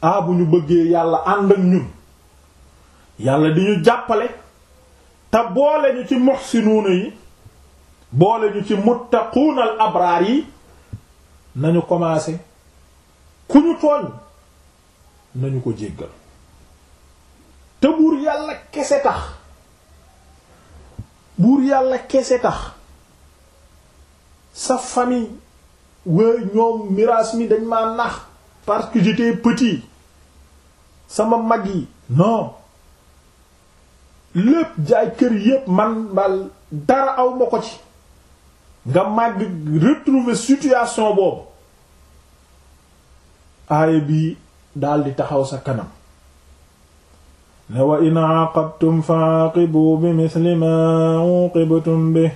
a bu ñu bëggee yàlla ànd ak ñun yàlla di ñu jàppale te boole ñu ci muhsinuuna yi boole ñu ci muttaquunal abraar yi nañu commencé ku ñu tooñ nañu ko jéggal te buur yàlla kese tax buur yàlla kese tax sa famille wooy ñoom miraas mi dañ ma nax parce que j'étais petit sama mag yi non lépp jaay kër yépp man bal dara aw ma ko ci nga màgg retrouver situation boobu aaya bii daldi taxaw sa kanam ne wa in aaqabtum fa bi misli ma bi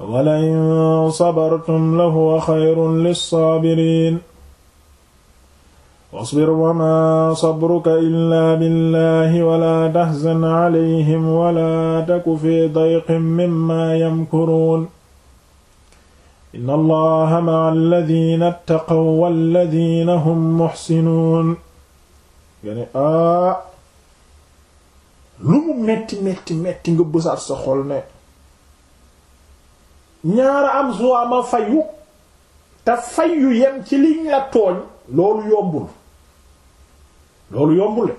wala in sabartum la huwa xayrun lissaabiriin wasbir wama sabruka illaa billahi wala taxzan calayhim wala taku fi dayqin mimma yamkuruun inna allaha maca alladina ttaqaw walladina hum muxsinuun gane aa ah, lu mu metti metti metti nga bësaat sa xol ne ñaara am soit ma fayu te fayu yem ci liñ la tooñ loolu yombul loolu yombule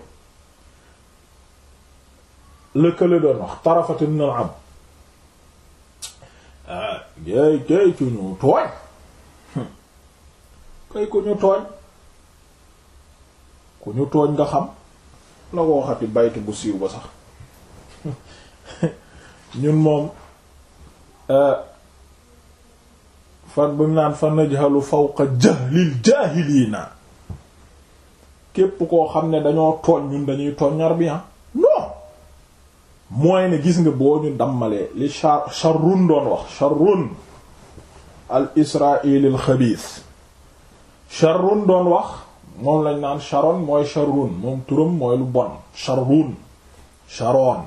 lëkkale doon wax tarafatu na am ah, kay kay ku ñu tooñ kay ku ñu tooñ ku ñu tooñ nga xam la ko waxati baytu bu siiw ba sax ñun moom euh, fan bu naan fa najhalu fawqa jahlil jaahiliina képp koo xam ne dañoo tooñ ñun dañuy tooñ ñor bi ah. non mooy ne gis nga boo ñu dammalee li char charrun doon wax charrun al israil al xabiis charrun doon wax moom lañ naan charon mooy charrun moom turam mooy lu bon charrun charon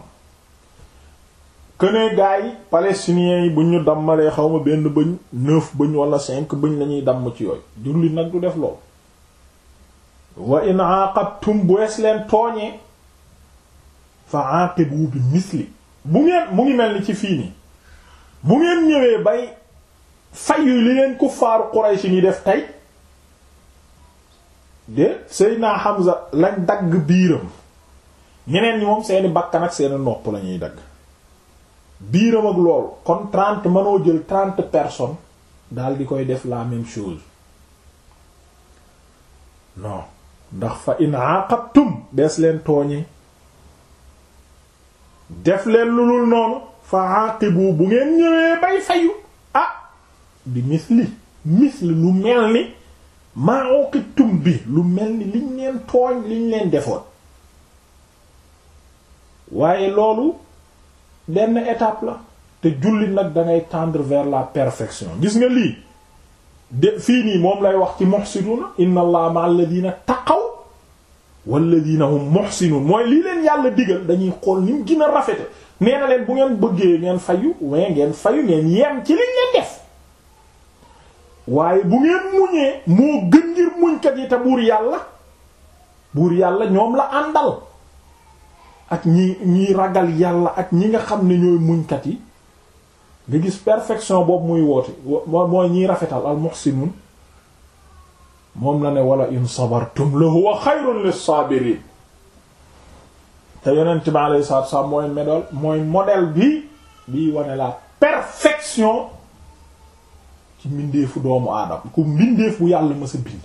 kënee gaa yi yi bu ñu dammalee xaw ma benn bëñ neuf bëñ wala cinq bëñ lañuy damm ci yooyu jullit nag du def lool wa in aqabtum bu wees leen tooñee fa aqibu bi misli bu ngeen mu ngi mel ni ci fii nii bu ngeen ñëwee bay yu li leen kuffaaru Quraysh ni def tey de Seydina Hamza lañ dagg biiram ñeneen ñi moom seeni bakkan ak seeni nopp lañuy dagg biiram ak loolu kon trente mënoo jël trente personnes daal di koy def la même chose non ndax fa in aqabtum dees leen tooñi def leen lu lul noonu fa aqibu bu ngeen ñëwee bay fayu ah di misli misli lu mel ni maa uqibtum bi lu mel ni liñ leen tooñ liñ leen defoon waaye loolu benn étape la te jullit nag da tendre vers la perfection gis nga lii de fii nii moom lay wax ci muhsinuna inna allaha ma'al ladina taqaw walladina hum muhsinun mooy lii leen yàlla digal dañuy xool ni mu gën a rafete nee leen bu ngeen bëggee ngeen fay waaye ngeen fayu ngeen yem ci liñ leen def waaye bu ngeen muñee moo gën ngir muñkat yi te buur yàlla buur yàlla ñoom la àndal ak ñi ñiy ragal yàlla ak ñi nga xam ne ñooy muñkat yi nga gis perfection boobu muy woote mooy ñiy rafetal al muhsinun moom la ne wala in sabartum la huwa xayrun lis-saabiriin te yonent bi alayhi salaatu wassalaam mooy model mooy bi bii wane la perfection ci mbindeefu doomu aadama ku mbindeef bu yàlla mësa bind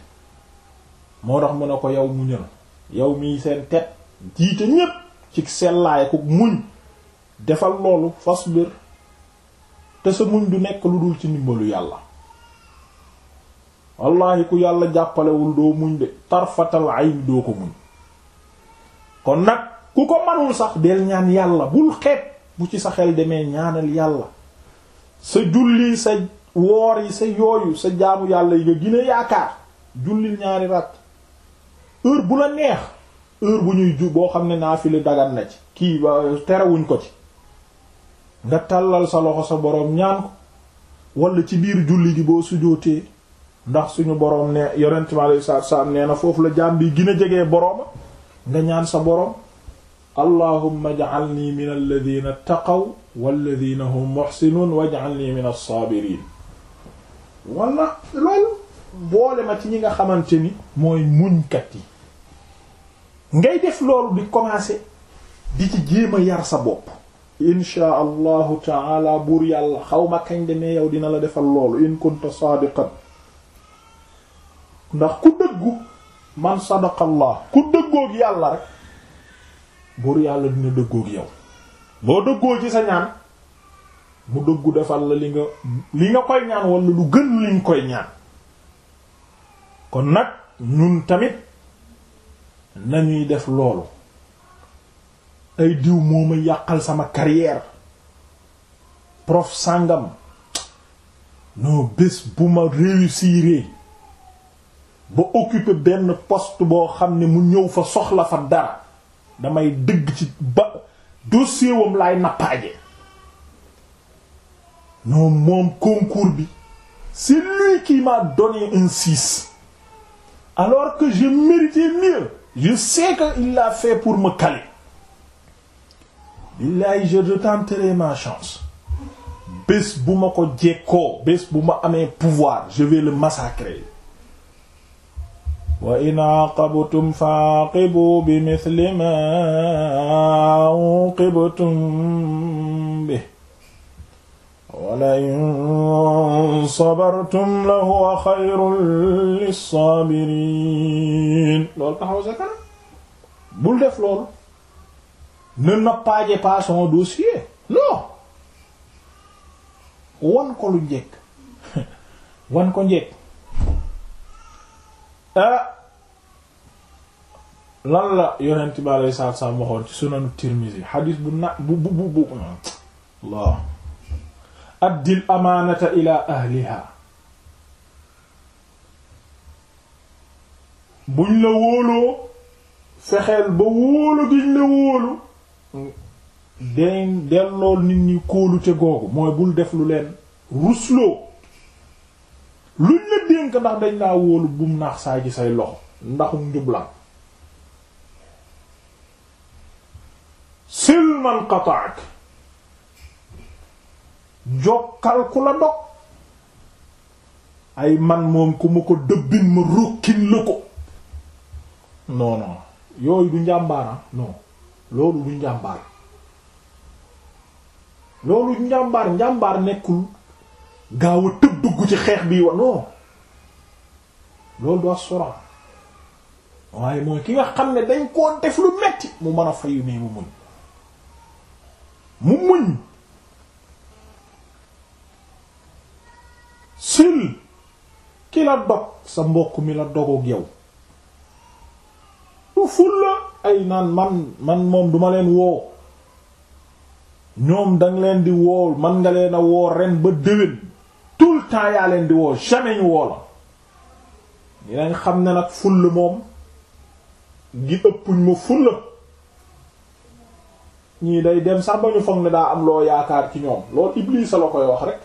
moo tax mu ne ko yow mu ñël yow mii seen tet jiite ñépp ci sellaay ku muñ defal loolu fasbir te sa muñ du nekk lu dul ci ndimbalu yàlla wallahi ku yàlla jàppalewul doo muñ de tarfatal ayni doo ko muñ kon nag ku ko manul sax del ñaan yàlla bul xeeb bu ci sa xel demee ñaanal yàlla sa julli sa woor yi sa yooyu sa jaamu yàlla yi nga gën a yaakaar jullil ñaari rat heure bu la neex heure bu ñuy ju boo xam ne naafile dagan na ci kii terewuñ ko ci nga tàllal sa loxo sa boroom ñaan ko wala ci biir julli gi boo sujootee ndax suñu boroom ne yonent mi alayhi sa salaam nee na foofu la jaam bi gën a jegee borooma nga ñaan sa boroom allahumma ij'alni min alladhina taqaw walladhina hum muhsinun waj'alni min as loolu boole ma ci ñi nga xamante ni mooy muñkat yi ngay def loolu bi commencer di ci jéem a yar sa bopp insha allahu taala buur yàlla xawma kañ de mais yow dina la defal loolu in kunta saadiqan ndax ku dëggu man sadaqallah ku dëggoog yàlla rek buur yàlla dina dëggoog yow boo dëggoo ci sa ñaan mu dëggu defal la li nga li nga koy ñaan wala lu gën li nga koy ñaan kon nag ñun tamit nañuy def loolu ay diw moo ma yàqal sama carrière prof sàngam noo bés bu ma réussiree ba occuper benn poste boo xam ne mu ñëw fa soxla fa dara damay dëgg ci ba dossier wam laay nappaaje non moom concours bi c'est lui qui m'a donné un six que je méritais mieux je sais que il l'a fait pour me caler billahi je retenterai ma chance bés bu ma ko jekkoo bés bu ma amee pouvoir je vais le massacrer wa in aqabtum fa bi mithli ma wala in sabartum la huwa xayrun lissaabiriin loolu taxaw sa kanam bul def loolu ne nappaaje pas son dossier non wan ko lu njëkk wan ko njëkk ah lan la yonent bi alayhi salaatu salaam waxoon ci sunanu Tirmizi xadiis bu na bu bu bu Allah addil amaanata ila ahliha buñ la wóoloo fexeel ba wóolu giñ la wóolu den dellool nit ñi kóolute googu mooy bul def lu leen rusloo luñ la dénk ndax dañ laa wóolu bum naax saa ji say loxo ndaxum njublan silman qata'ak jokkal ku la dog ay man moom ku ma ko dëbbin ma rukkin la ko non non yooyu du njàmbaara ah. non loolu du njàmbaar loolu njàmbaar njàmbaar nekkul gaaw a tëb dugg ci xeex bi wa non loolu du assurant waaye mooy ki nga xam ne dañ koo def lu metti mu man a fayu ne mu muñ mu muñ sil ki la dog sa mbokk mi la dogoog yow du ful ay naan man man moom duma leen woo ñoom danga leen di woo man nga leen a woo ren ba déwén tout le temps yaa leen di woo jamais woo la dinañ xam ne nag ful moom gi ñii day dem sax ba ñu foog ne daa am loo yaakaar ci ñoom loolu Iblis la koy wax rek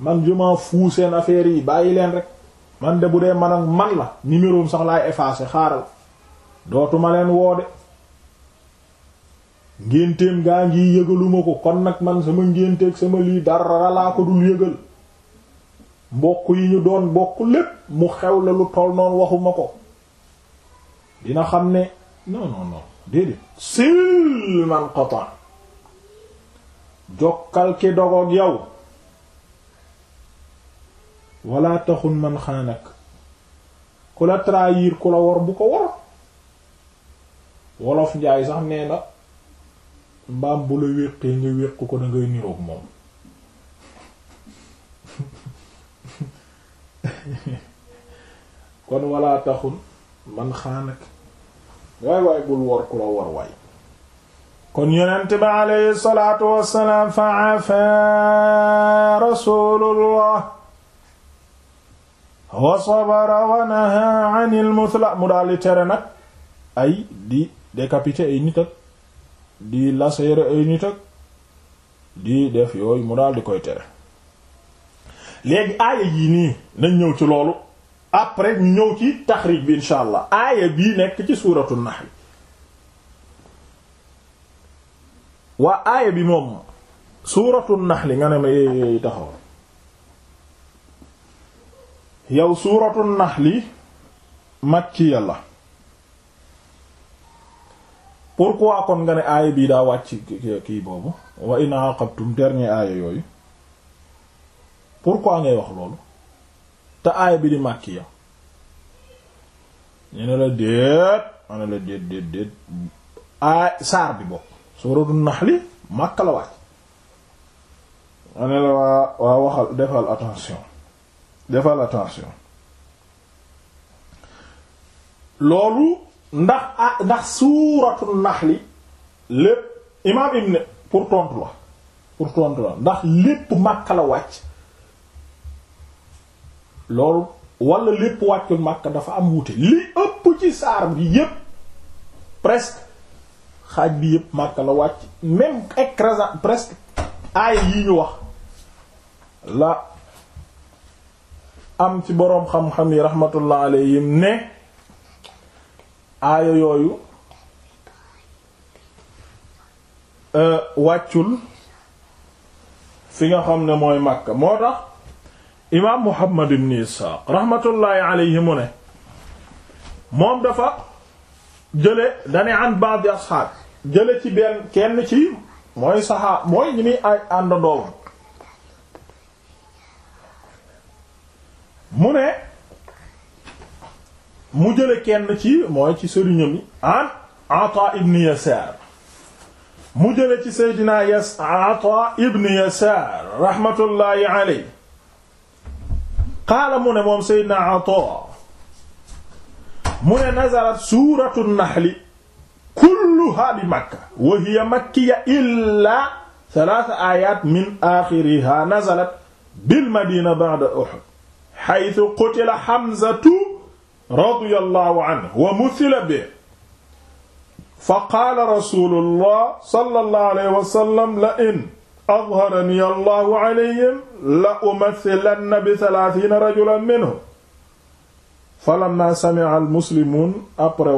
man jumaa fuu seen affaire yi bàyyi leen rek man de bu dee man ak man la numéro sax laay effacer xaaral dootuma leen woo de ngénteem gaa ngi yëgaluma ko kon nag man sama ngénteeg sama lii dara laa ko dul yëgal mbokk yi ñu doon bokk lépp mu xew la lu toll noonu waxuma ko dina xam ne non non non déedéet sil man xotaan jokkal ki dogoog yow wala taxun man xaanak ku la trahir ku la wor bu ko wor wolof njaay sax nee mbaam bu la wéqee nga wéq ko da niroog moom kon wala taxun man xaanak waay waay bul wor ku la wor waay kon yonent ba aleyhi salaatu wassalaam fa afa rasulullah wa sabara wa mu daal di tere nag ay di décapiter ay nit ak di lacérer ay nit ak di def yooyu mu daal di koy tere léegi aaya yii nii nañ ñëw ci loolu après ñëw ci taxrij bi insha allah aaya bii nekk ci suuratu nahl waa aaya bi moom nax li nga ne ma eh, eh, eh, taxaw yow suuratu naxli makkiya la pourquoi kon nga ne aaya bii daa wàcc kii boobu wa in aqabtum dernier aaya yooyu pourquoi ngay wax loolu te aaya bi di makkiya ñu ne la déet ma ne la déet déet déet aay saar bi bokk suuratu naxli makka la wàcc ma ne la waa waa waxal defal attention defal attention loolu ndax ah ndax suuratul naxli lépp imaam ibn pour tontu la pour tontu la ndax lépp Makka la wàcc loolu wala lépp wàccul Makka dafa am wuute li ëpp ci saar bi yépp presque xaaj bi yépp Makka la wàcc même écrasant presque aaya yi ñu wax la am ci boroom xam-xam yi rahmatullah alayhim ne aaya yooyu euh, wàccul fi nga xam ne mooy Makka moo tax imaam Muhammad ibn Isaaq rahmatullahi alayhi ne moom dafa jële dane an ba'd ashab jële ci benn kenn ci mooy saxaa mooy ñi muy ay àndandoowam mu ne mu jële kenn ci mooy ci sëriñam yi an Ata ibn Yasar mu jële ci Seydina Yas Ata ibn Yasar rahmatullahi alayhi qaala mu ne moom Seydina Ata mu ne nazarat suuratu naxli kulluha bi makka wa hiya makkiya illa salaasa ayaat min aaxiriha nazalat bil madina ba'da Uhud xaytu qutila Hamzatu radiyallahu anhu wa musila bi fa qaala rasulullah sallallahu wa sallam la in adharani allahu alayhim la umathilanna bi thalaathiina rajulan minhum falamma sami'a al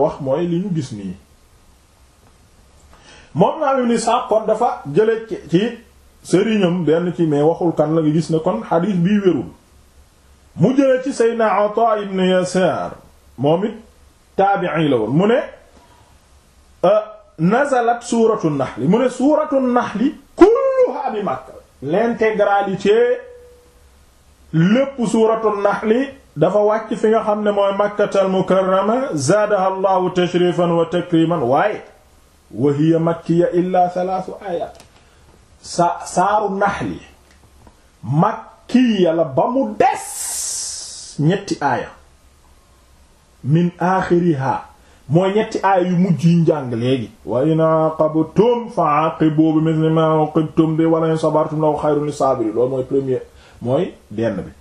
wax mooy li ñu gis nii moom naa yu ni sax dafa jële ci sëriñam benn ci mais waxul kan la nga gis ne kon xadiis bii wérul mu jëlee ci Seydina Ata ibn Yasaar moom it taabi'i la woon mu ne nazalat suuratu naxli mu ne suuratu naxli kulluha bi Makka l'intégralité lépp suuratu naxli dafa wàcc fi nga xam ne mooy Makkatal Mukarrama zaadaha Allahu tashrifan wa takriman waaye wa hiya makkiya illa thalathu ayat sa saaru naxli makkiya la ba mu des ñetti aaya min aaxirihaa mooy ñetti aaya yu mujj yi njàng léegi wa in aqabtum fa aqibu bi mithli ma uqibtum bi wala in sabartum law xayrun lisaabiri loolu mooy premier mooy benn bi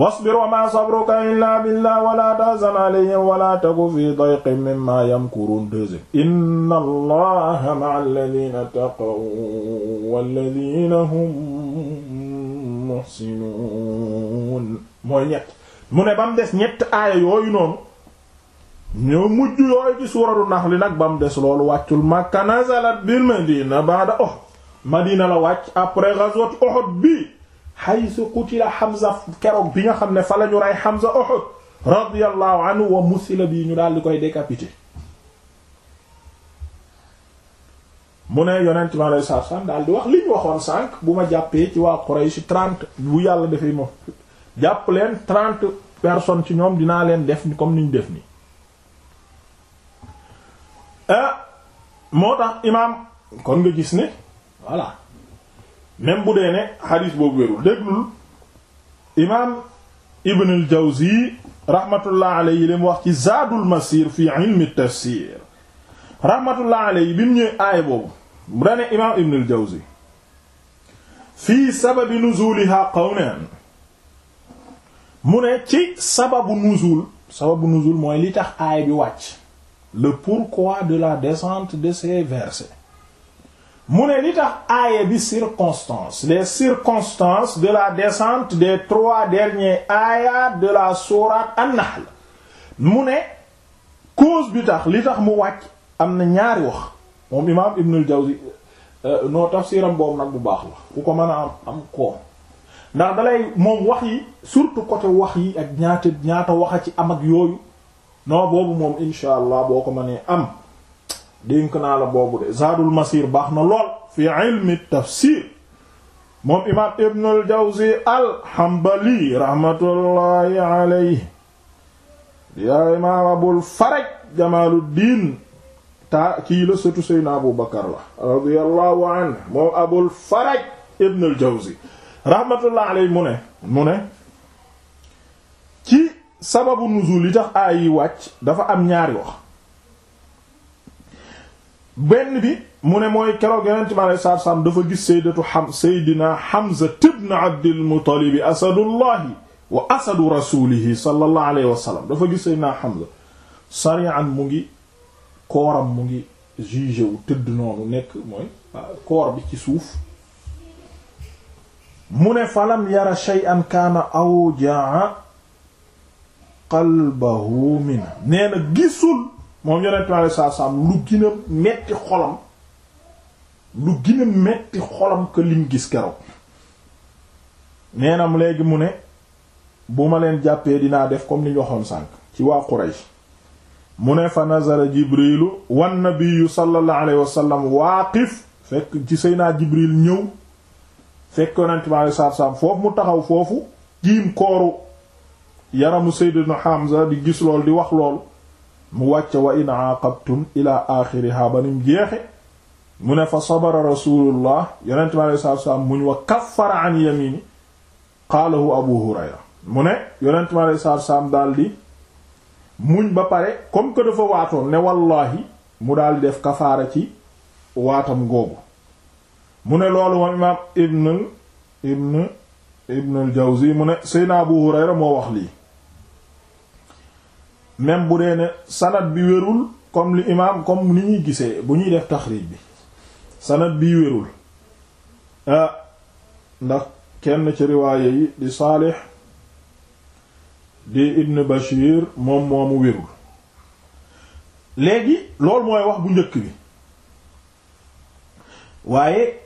wasbir wa ma sabruka illa billah wala tahzan alayhim wala taku fi dayqin mimma yamkurun deuxième inna allaha ma'a alladhina taqaw walladhina hum muhsinun mooy ñett mu ne ba mu des ñett aaya yooyu noonu ñoo mujj yooyu ci suuratu nax li nag ba mu des loolu wàccul Makka nazalat bil Madina ba'da Uhud Madina la wàcc après ghazwat Uhud bi haythu qutila Hamza keroog bi nga xam ne fa lañu ñu rey Hamza Uhud radiyallahu anhu wa musila bii ñu daal di koy décapité mu ne yonent mi alayhi salaatu daal di wax li ñu waxoon sànq bu ma jàppee ci waa Quraysh 30 bu yàlla defee moom jàpp leen trente personnes ci ñoom dinaa leen def comme niñ def ni ah moo tax imaam kon nga gis ni voilà même bu dee ne xadiis boobu wérul déglul imaam Ibn al-Jawzi rahmatullah alayhi yi mu wax ci Zaadul Masir fi ilmi tafsir rahmatullah alayhi bi mu ñëwee aaya boobu bu dee ne imaam Ibn jawzi fi sababi nuzuliha qawlan mu ne ci sababu nuzul sababu nuzul mooy li tax aay bi wàcc le pourquoi de la descente de ces verse mu ne li tax aaya bi circonstances les circonstances de la descente des trois derniers aayat de la sourate an-Nahl mu ne cause bi tax li tax mu wàcc am na ñaari wax moom imaam Ibn al-Jawzi euh, noo tafsiram boobu nag bu baax la ku ko mën a am am ko ndax dalay moom wax yi surtout côté wax yi ak ñaata ñaata waxa ci am ak yooyu non boobu moom insha allah boo ko mënee am dénk naa la boobu de Zadul Masir baax na lool fi ilmi tafsir moom imaam imaam Abul Faraj Jamaluddin ta kii la sëtu Seydina Abu Bakar la radiyallahu anhu moom Abul Faraj Ibnul Jawzi rahmatullah alayhi mu ne mu ne ci sababu nuzul yi tax aay yi wàcc dafa am ñaari wax benn bi mu ne mooy keroog yonent bi alayhi salaam dafa gis sayyidatu xam sayyidina Hamza ibn Abdil Muttalib asadullahi wa asadu rasulihi sallallahu alayhi dafa gis sayyidina Hamza sari'an mu ngi kooram mu ngi jugé tëdd noonu nekk mooy koor bi ci suuf mu ne falam yara shay'an kaana awjaa qalbahu min nee na gisul moom yonent bi alei sat lu gën metti xolam lu gën metti xolam que gis keroog nee na mu ne bu ma leen jàppee dinaa def comme ni ñu sànk ci waa Quraysh mu ne fa nazara jibrilu wan nabiyu sallallahu alayhi waaqif fekk ci sëy naa jibril ñëw fekk yonent bi alei satu salaam foofu mu taxaw foofu jiim kooru yaramu sayyidina Hamza di gis lool di wax lool mu wàcc wa in aaqabtum ila axiriha banim jeexe mu ne fa sabara rasulullah yonent bi alei satu salaam muñ wa kaffara an yamini qaalahu abu hurayra mu ne yonent bi alei satu salaam daldi muñ ba pare comme que dafa waatoon ne wallaahi mu daal def kafaara ci waatam googu mu ne loolu moom imaam ibn ibn ibn al-Jawzi mu ne Seydina bu Hurayra moo wax lii même bu dee ne sanad bi wérul comme li imaam comme ni ñuy gisee bu ñuy def taxriij bi sanad bi wérul ah, ndax kenn ci riwaaye yi di Saalih di Ibn Bashir moom moomu wérul léegi loolu mooy wax bu njëkk bi waaye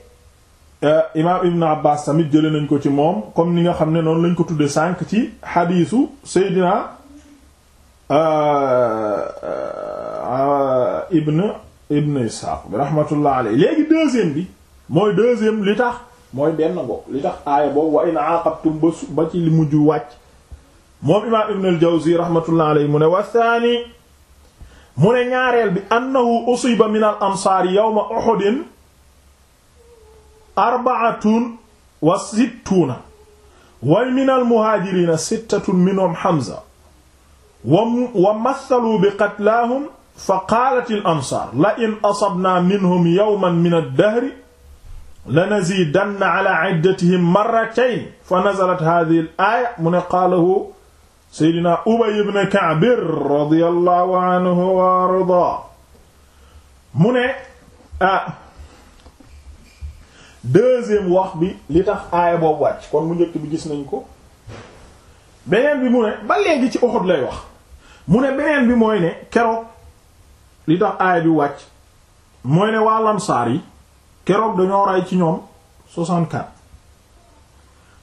Euh, imaam ibn abbas samit jële nañ ko ci moom comme ni nga xam ne noonu lañ ko tudde sànq ci xadiisu seydina euh, euh, ibn ibn isxaaq bi rahmatullah aley léegi deuxième bi mooy deuxième li tax mooy benn bopp li tax aaya boobu wa in aaqabtum ba ba ci li mujj wàcc moom imaam ibn al jawzi rahmatullah mu ne wa thani mu ne ñaareel bi annahu usiba min al ansaari yawma uhud arbaatun wa sittuuna way min almuhaajirina sittatun minhum Hamza wa mathalu bi qatlaahum fa qaalat al ansaar la in asabnaa minhum yawman min ad-dahri lanaziidanna alaa iddatihim marratayn fa nazalat haadihi al aaya mu ne qaalahu seydina Ubay ibn Ka'b radiyallahu anhu wa ardaa mu ne ah deuxième wax bi li tax aaya boobu wàcc kon mu njëkk bi gis nañ ko beneen bi mu ne ba léegi ci Uhud lay wax mu ne beneen bi mooy ne keroog li tax aaya bi wàcc mooy ne waa yi keroog dañoo rey ci ñoom 64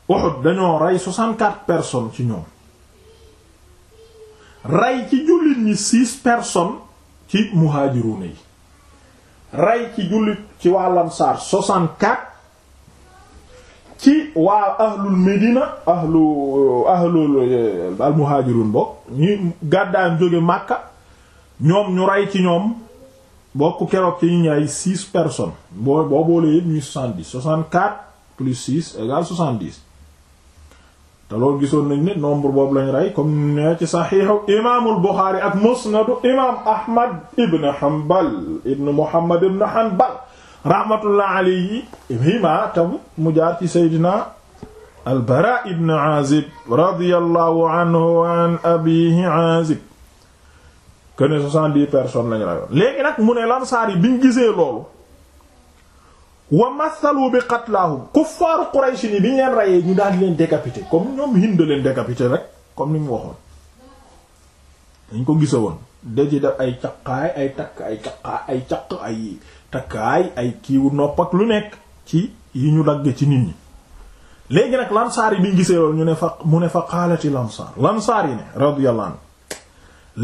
Uhud dañoo rey 64 ci ñoom rey ci jullit ñi 6 ci muhaajiruuna yi rey ci jullit ci waa ci waa ahlul medina ahlu ahlul eh, almuhajirun bokk ñi gàddaayam jóge Makka ñoom ñu rey ci ñoom bokk keroog ci ñu ay six personnes boo boo boolee yëpp ñuy soixante-dix soixante-quatre plus six égale soixante-dix te loolu gisoon nañ ne nombre boobu lañu rey comme ne ci saxiixu imaamul Buxaari ak musnadu imaam Ahmad ibn Hanbal ibn Muhammad ibn Hanbal rahmatullah alayhi hima tam mu jaar ci seydina albara ibn azib radiyallahu anhu wa an abihi azib dix personnes lañu rayoon léegi nag mu ne lansaar yi bi ñu gisee loolu wa mathalu bi qatlahum kuffaaru Quraysh ni bi ñu leen rayee ñu daal leen décapité comme ñoom Hind leen décapité rek comme ni mu waxoon dañ ko gisa woon da ci def ay caqaay ay takk ay caqaay ay caq ay takkaay ay kiiwu nopp ak lu nekk ci yi ñu dagg ci nit ñi léegi nag lansaar yi biñ gisee lool ñu ne fa mu ne fa xaalati lansaar lansaar yi ne radiyallahu anhu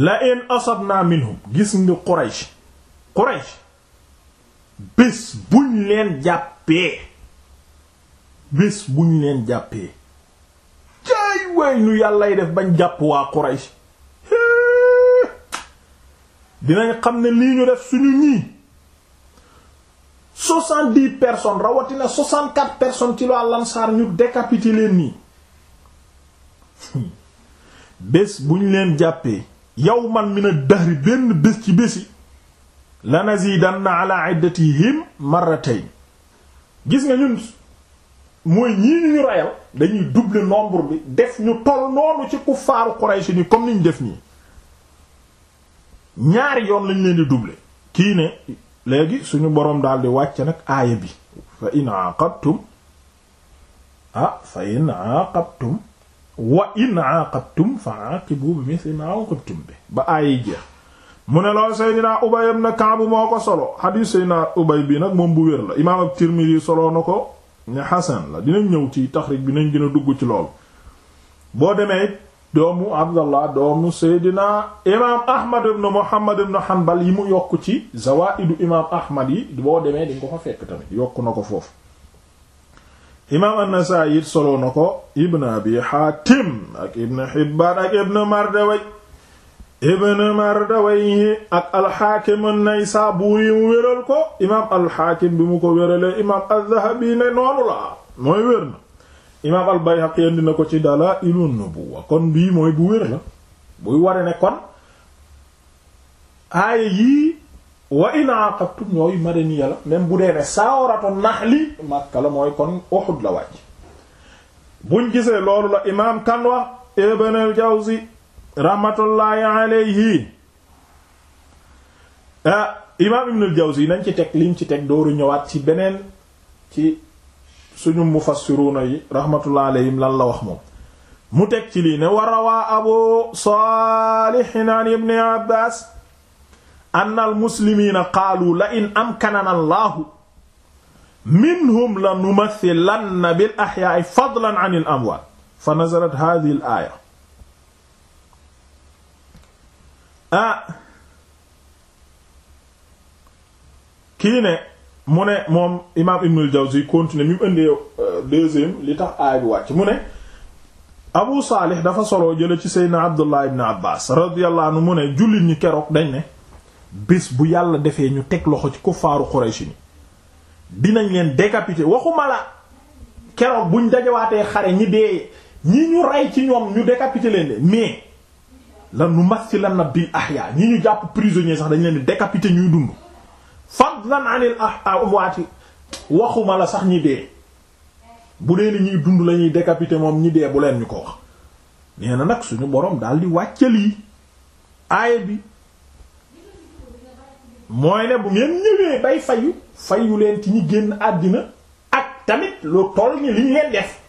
la in asabna minhum gis nga Quraysh Quraysh bés buñ leen jàppee bés buñ leen jàppee jaay way nu yàllay def bañ jàpp waa Quraysh dinañ xam ne lii ñu def suñu ñii soixante-dix personnes rawatina soixante-quatre personnes ci laa lansaar ñu décapité leen nii bés bu ñu leen jàppee yow man mi na dahri benn bés ci bési lanazidanna ala iddatihim marratayn gis nga ñun mooy ñii ñu ñu dañuy doubler nombre bi def ñu toll noonu ci kuffaaru Quraysh ni comme niñ def nii ñaari yoon lañ leen di doubler kii ne léegi suñu boroom daal di wàcce nag aaya bi fa in aaqabtum ah fa in aaqabtum wa in aaqabtum fa aaqibu bi misli ma aaqabtum bi ba aaya yi jeex mu ne lool Seydina Ubay ibn Ka'b moo ko solo xadiis Seydina Ubay bi nag moom bu wér la imaam at-Tirmidhi na ko ne xasan la dina ñëw ci taxrij bi nañ gën a dugg ci lool boo demee doomu Abdallah doomu Seydina imaam Ahmad ibn Muhammad ibn Hanbal yi mu yokk ci zawaidu imaam Ahmad yi boo demee di fa fekk tamit yokk na ko foofu imaam An-Nasaa'i it na ko Ibn Abi Haatim ak Ibn Hibbaan ak Ibn Mardaway Ibn Mardaway ak Al-Haakim An-Naysaabuuri mu wéral ko imaam Al-Haakim bi mu ko wéralee imaam Az-Zahabi ne noonu la mooy wér na imaam al-Bayhaqi indi na ko ci Dalaa'ilun Nubuwwa kon bii mooy bu wér la buy ware ne kon aaya yii wa in aqabtum ñooy madaniya la même bu dee ne saawaratu naxli Makka la mooy kon Uhud la wàcc buñ gisee loolu la imaam kan wax Ibn al-Jawzi alayhi ah, imaam Ibn al-Jawzi nañ ci teg liñ ci teg dooru ñëwaat ci beneen ci suñu mufassiruuna yi rahmatullah alayhim lan la wax moom mu teg ci lii ne wa rawaa abu saalihin an ibni abbas anna al muslimiina qaalu la in amkanana allahu minhum la numathilanna bil axyaai fadlan an al amwaat fa nazalat haadihi al aaya ah kii ne mu ne moom imaam Ibnul Jawzi continue mi mu indee euh, deuxième li tax aay bi wàcc mu ne Abu Saalih dafa solo jële ci Seydina Abdullah ibn Abbas radiyallahu anhu mu ne jullit ñi keroog dañ ne bis bu yàlla defee ñu teg loxo ci kuffaaru Quraysh ni dinañ leen décapiter waxuma la keroog buñ dajawaatee xare ñi dee ñi ñu rey ci ñoom ñu décapiter leen de mais lan nu mas ci lan na bil ahya ñi ñu jàpp prisonnier sax dañ leen di décapiter ñuy dund fadlan anil amwaati ah, ah, waxuma la sax ñi dee bu dee ni ñuy dund lañuy décapité moom ñi dee bu leen ñu ko wax nee na nag suñu boroom daal di wàccal yi aaya bi mooy ne bu ngeen ñëwee bay fayu fayu leen ci ñu génn àddina ak tamit lu toll ni liñ leen def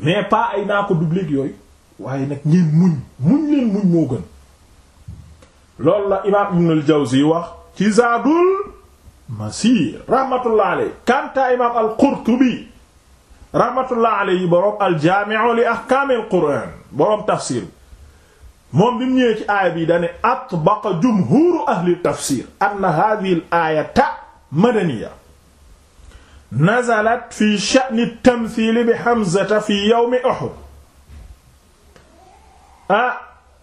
mais pas ay naa ko dubleek yooyu waaye nag ngeen muñ muñ leen muñ moo gën loolu la imaam Ibn al-Jawzi wax ci Zaadul Masir rahmatullah aley kanta imam al-Qurtubi rahmatullah aley boroom al-Jaami' li ahkaamil Qur'aan boroom tafsir moom bi mu ñëwee ci aaya bi dane atbaqa jumhuuru ahli tafsir anna haadhihi al-aayata madaniya nazalat fi sha'ni at-tamthiil bi Hamzata fi yawmi Uhud ah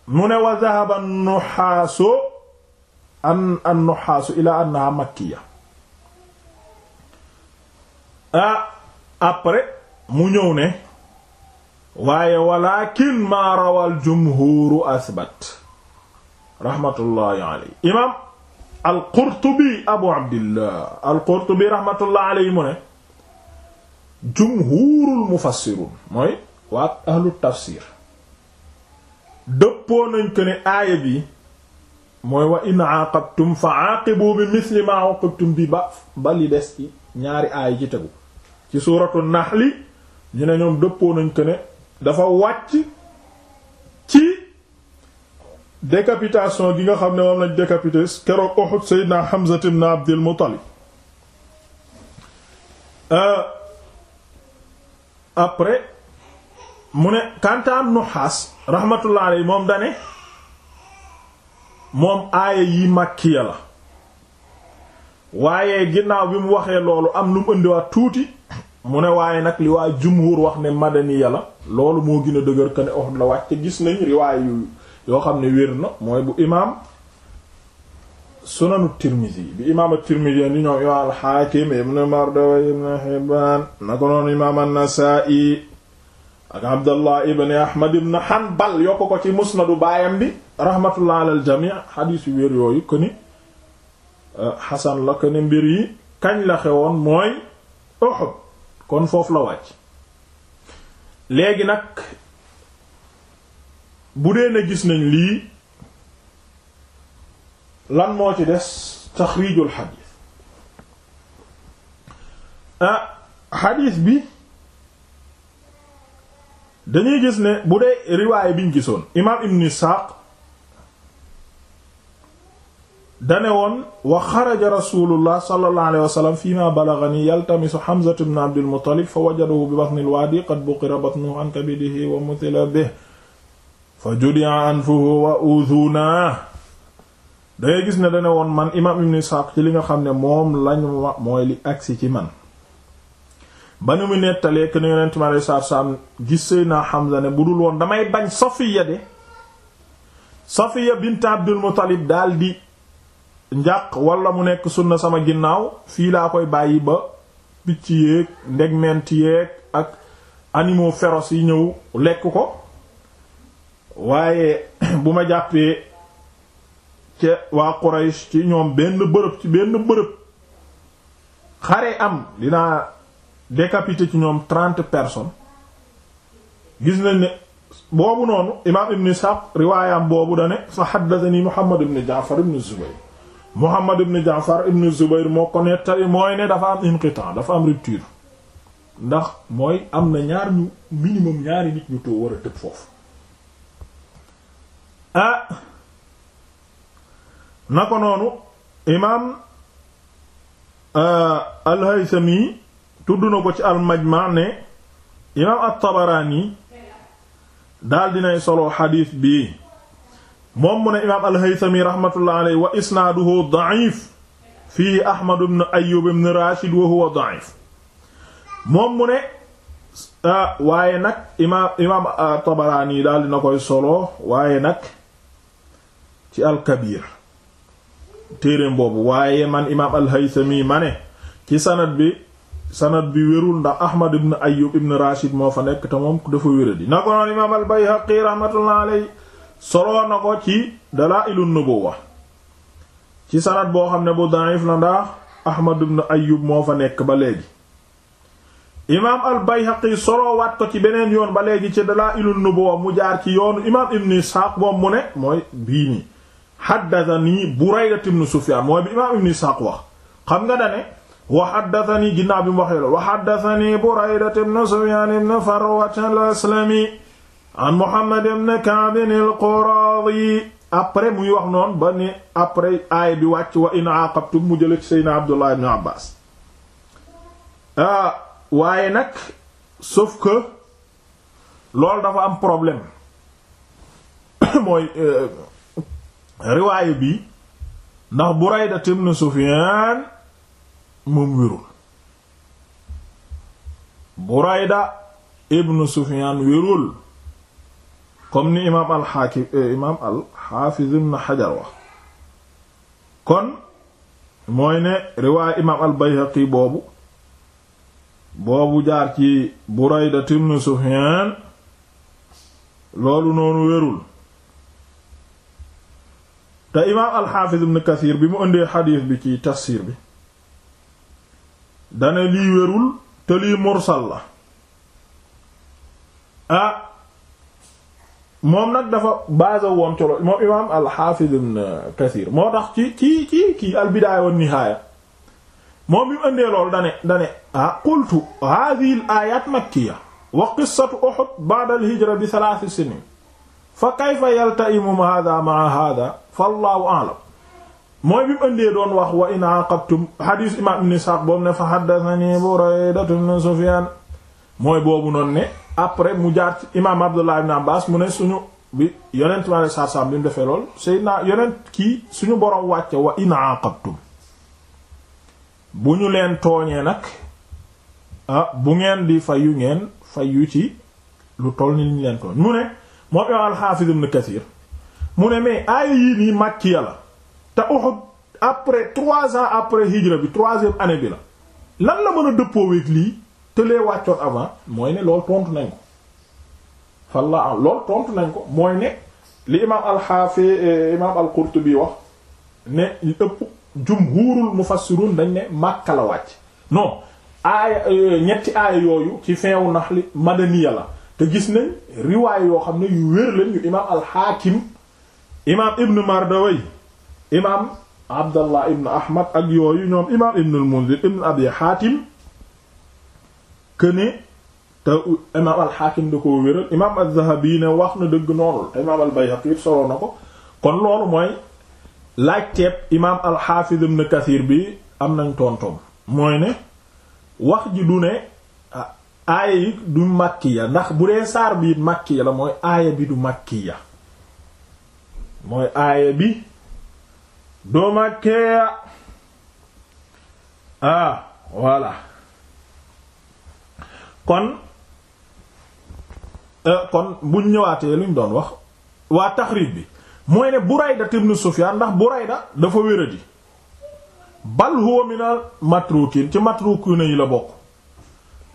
mu ne wa dhahaba an-nuhaasu an annuxaasu ah, mu ñëw ne waaye walakin maa rawal jumhuru asbat rahmatullahi alayhi imam al abu abdillah al-Qurtubi mu ne jumhurul mufassirun mooy waa ahlu tafsir dëppoo nañ ko ne aaya bi mooy wa in aaqabtum fa aaqibu bi misli ma aaqabtum bi ba ba li des ci ñaari aay ci tegu ci suuratu naxli ñu ne ñoom dëppoo nañ ko ne dafa wàcc ci décapitation gi nga xam ne moom lañ décapité keroog Uhud Seydina Hamza ibn Abdul Muttalib euh, après mu ne kantaan nuxaas rahmatullah alayhi moom dane moom aaya yi màkkiya la waaye ginnaaw bi mu waxee loolu am lu mu indiwaat tuuti mu ne waaye nag li waa jumhur wax ne madaniya la loolu moo gën dëgër que ne Uhud la wàcc gis nañ riwaay yu yoo xam ne wér na mooy bu imaam sunanu tirmisi bi imaam a tirmisi di na ko noonu imaam an-Nasa'i ak Abdallah ibn Ahmad ibn Hanbal yokk ko ci musnadu baayam bi rahmatullah alal jamii xadiis wér yooyu que ni euh, xasan la que ni mbir yi kañ la xewoon mooy Uhud kon foofu la wàcc léegi nag bu dee na gis nañ lii lan moo ci des taxrijul xadiis ah xadiis bi dañuy gis ne bu dee riwaay biñ gisoon imaam ibn Isaaq dane woon wa xaraja rasulullah sallallahu alayhi wa sallam fima balagani yaltamisu hamzatu bnu abdil muttalib fa wajadahu bi batnil waadi qad buqira batnuhu an kabidihi wa mutila bih fa judia anfuhu wa udhuna dangay gis ne dane woon man imaam ibn isxaaq ci li nga xam ne moom lañu wax mooy li agsi ci man ba nu mu nettalee que ni yonent mi alayhi salaatu salaam gis Seydina Hamza ne bu dul woon damay bañ Safiya de Safiya bint Abdul Muttalib daal di njàq walla mu nekk na sama ginnaaw fii laa koy bàyyi ba picc yeeg ndegment yeeg ak animaux féroces yi ñëw lekk ko waaye bu ma jàppee ce waa Quraysh ci ñoom benn bërëb ci benn bërëb xare am dinaa décapité ci ñoom trent personnes gis na ne boobu noonu imaam ibn Ishaq riwaayam boobu dane fa haddathani Muhammad ibn Jaafar ibn Zubayr Muhammad ibn Jaafar ibn Zubayr moo ko nettali mooy ne dafa am inqitan dafa am rupture ndax mooy am na ñaar ñu minimum ñaari nit ñu too war a tëb foofu ah na ko noonu imaam ah, al-Haythami tudd na ko ci al-Majma ne imaam at-Tabarani daal dinay solo xadiis bi moom mu ne imaam al-Haythami rahmatullah alayhi wa isnaaduhu da'if fii Ahmad ibn Ayyub ibn Rashid wa huwa da'if moom mu ne ah, waaye nag imaam imaam ah, Tabaraani daal dina koy solo waaye nag ci al-Kabir téereem boobu waaye man imaam al-Haythami ma ne ci sanad bi sanad bi wérul ndax Ahmad ibn Ayyub ibn Rashid moo fa nekk te dafa wéradi na ko noon imaam al-Bayhaqi rahmatullah alayhi soloo na ko ci Dalaa'ilu Nubuwwa ci sanad boo xam ne bu da'if la ndax Ahmad ibn Ayyub moo fa nekk ba léegi imaam al-Bayhaqi soloowaat ko ci beneen yoon ba léegi ci Dalaa'ilu Nubuwwa mu jaar ci yoonu imaam Ibn Isxaaq moom mu ne mooy bii nii haddathanii Burayda ibn Sufyaan mooy bi imaam Ibn Isxaaq wax xam nga dane wa haddathanii ginnaaw bi mu waxee loolu wa haddathanii Burayda ibn Sufyaan ibn Farwa an Muhammad ibn Ka'b al-Quradi après muy wax noon ba ni après aay bi wàcc wa in aqabtum mu jële ci Seydina Abdullah ibn Abbas ah, waaye nag sauf que loolu dafa am problème mooy euh, riwaaye bi ndax Burayda ibn Sufyaan moom wérul Burayda ibn Sufyaan wérul comme ni imaam alxaakim eh, imaam alxaafiz ibn xajar wax kon mooy ne riwaay imaam albayhaqi boobu boobu jaar ci burayda ibn sufyaan loolu noonu wérul te imaam alxaafiz ibn kasiir bi mu ëndee xadiis bi ci tafsiir bi dane lii wérul te lii mursal la ah, moom nag dafa basé woon ci loolu moom imaam al-Hafiz ibn Kathir moo tax ci ci ci kii al-Bidaaya wa Nihaaya moom bi mu ëndee loolu dane dane ah qultu hadhihi al-ayat makkiya wa qissatu Uhud ba'da al-hijra bi thalath sinin fa kayfa yaltaimu hadha ma'a hadha fallahu a'lam mooy bi mu ëndee doon wax wa in aqabtum hadith imam ibn Sa'd boobu ne fa haddathani Burayda ibn Sufyan mooy boobu noonu ne après mu jaar ci imaam Abdullah ibn Abbas mu ne suñu bi yonent ma saa saam bi mu defee lool Seydina yonent kii suñu borom wàcce wa in aqabtum bu ñu leen tooñee nag ah bu ngeen di fayu ngeen fayu ci lu toll ni ñu leen tooñ mu ne moom imaam al-Hafiz Kathir mu ne mais aaya yii nii Makki la te Uhud après trois ans après hijra bi troisième année bi la lan la mën a dëppoo ak lii. tëlee wàccoon avant mooy ne loolu tontu nañ ko falla loolu tontu nañ ko mooy ne li imaam alxaafi imaam al-Qurtubi wax ne ëpp jumhuurul mufassirun dañ ne Makka la wàcc non aaya euh, ñetti aaya yooyu ci feewu nax li madaniya la te gis ne riwaay yoo xam ne yu wér lañ yu imaam alxaakim imaam ibn Mardawey imaam Abdallah ibn Ahmad ak yooyu ñoom imaam ibn al ibn Abi Hatim këne te imaam al-Hakim da wéral imaam az ne wax na dëgg noonu te imaam al-Bayhaqi na ko kon loolu mooy laajteeb imaam al-Hafiz ibn Kathir bi am nañ tontom mooy ne wax ji du ne ah, aaya yi du makkiya ndax bu dee saar bi makkiya la mooy aaya bi du makkiya mooy aaya bi kon euh, kon buñ ñëwaatee liñ doon wax waa taxrib bi mooy ne Burayda ibn Sufyaan ndax Burayda dafa wéradi bal huwa mi al matrukin ci matrukuna yi la bokk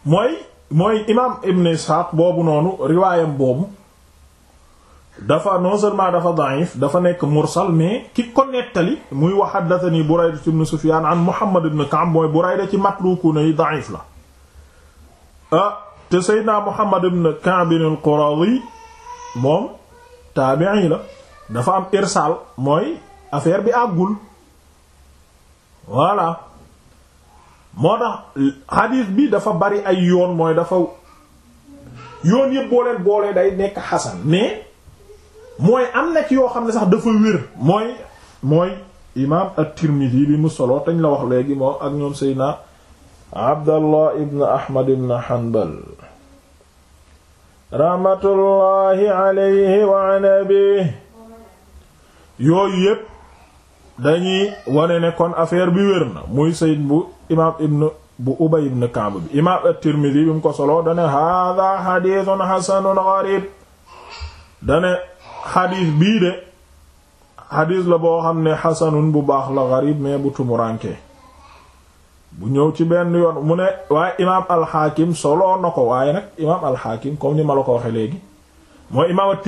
mooy mooy imaam Ibn Ishaq boobu noonu riwaayam boobu dafa non seulement dafa da'if dafa nekk mursal mais ki ko nettali muy wax haddathani Burayda ibn Sufyaan an Muhammad ibn Ka'b mooy Burayda ci matrukuna yi da'if la ah te Seydina Muhammad ibn Ka'b al-Quradi moom taabi'i la dafa am irsaal mooy affaire bi àggul voilà moo tax xadiis bi dafa bari ay yoon mooy dafa yoon yëpp boo leen boolee day nekk xasan mais mooy am na yoo xam ne sax dafa wér mooy mooy imaam at-Tirmidhi bi mu solo tañ la wax léegi moom ak ñoom Seydina abdallah ibn ahmad ibn hanbal wa an abi yépp dañuy wane ne kon affaire bi wér na muy sayd bu imaam ibn bu ubay ibn kaab bi imaam at-tirmidhi bi mu dane hada xadiisun xasanun garib dane xadiis bii de xadiis la boo xam ne xasanun bu baax la garib mais bu tumuraanke bu ñëw ci benn yoon mu ne waaye imaam alxaakim soloo ko waaye nag imaam alxaakim comme ni ma la ko waxee léegi mooy imaam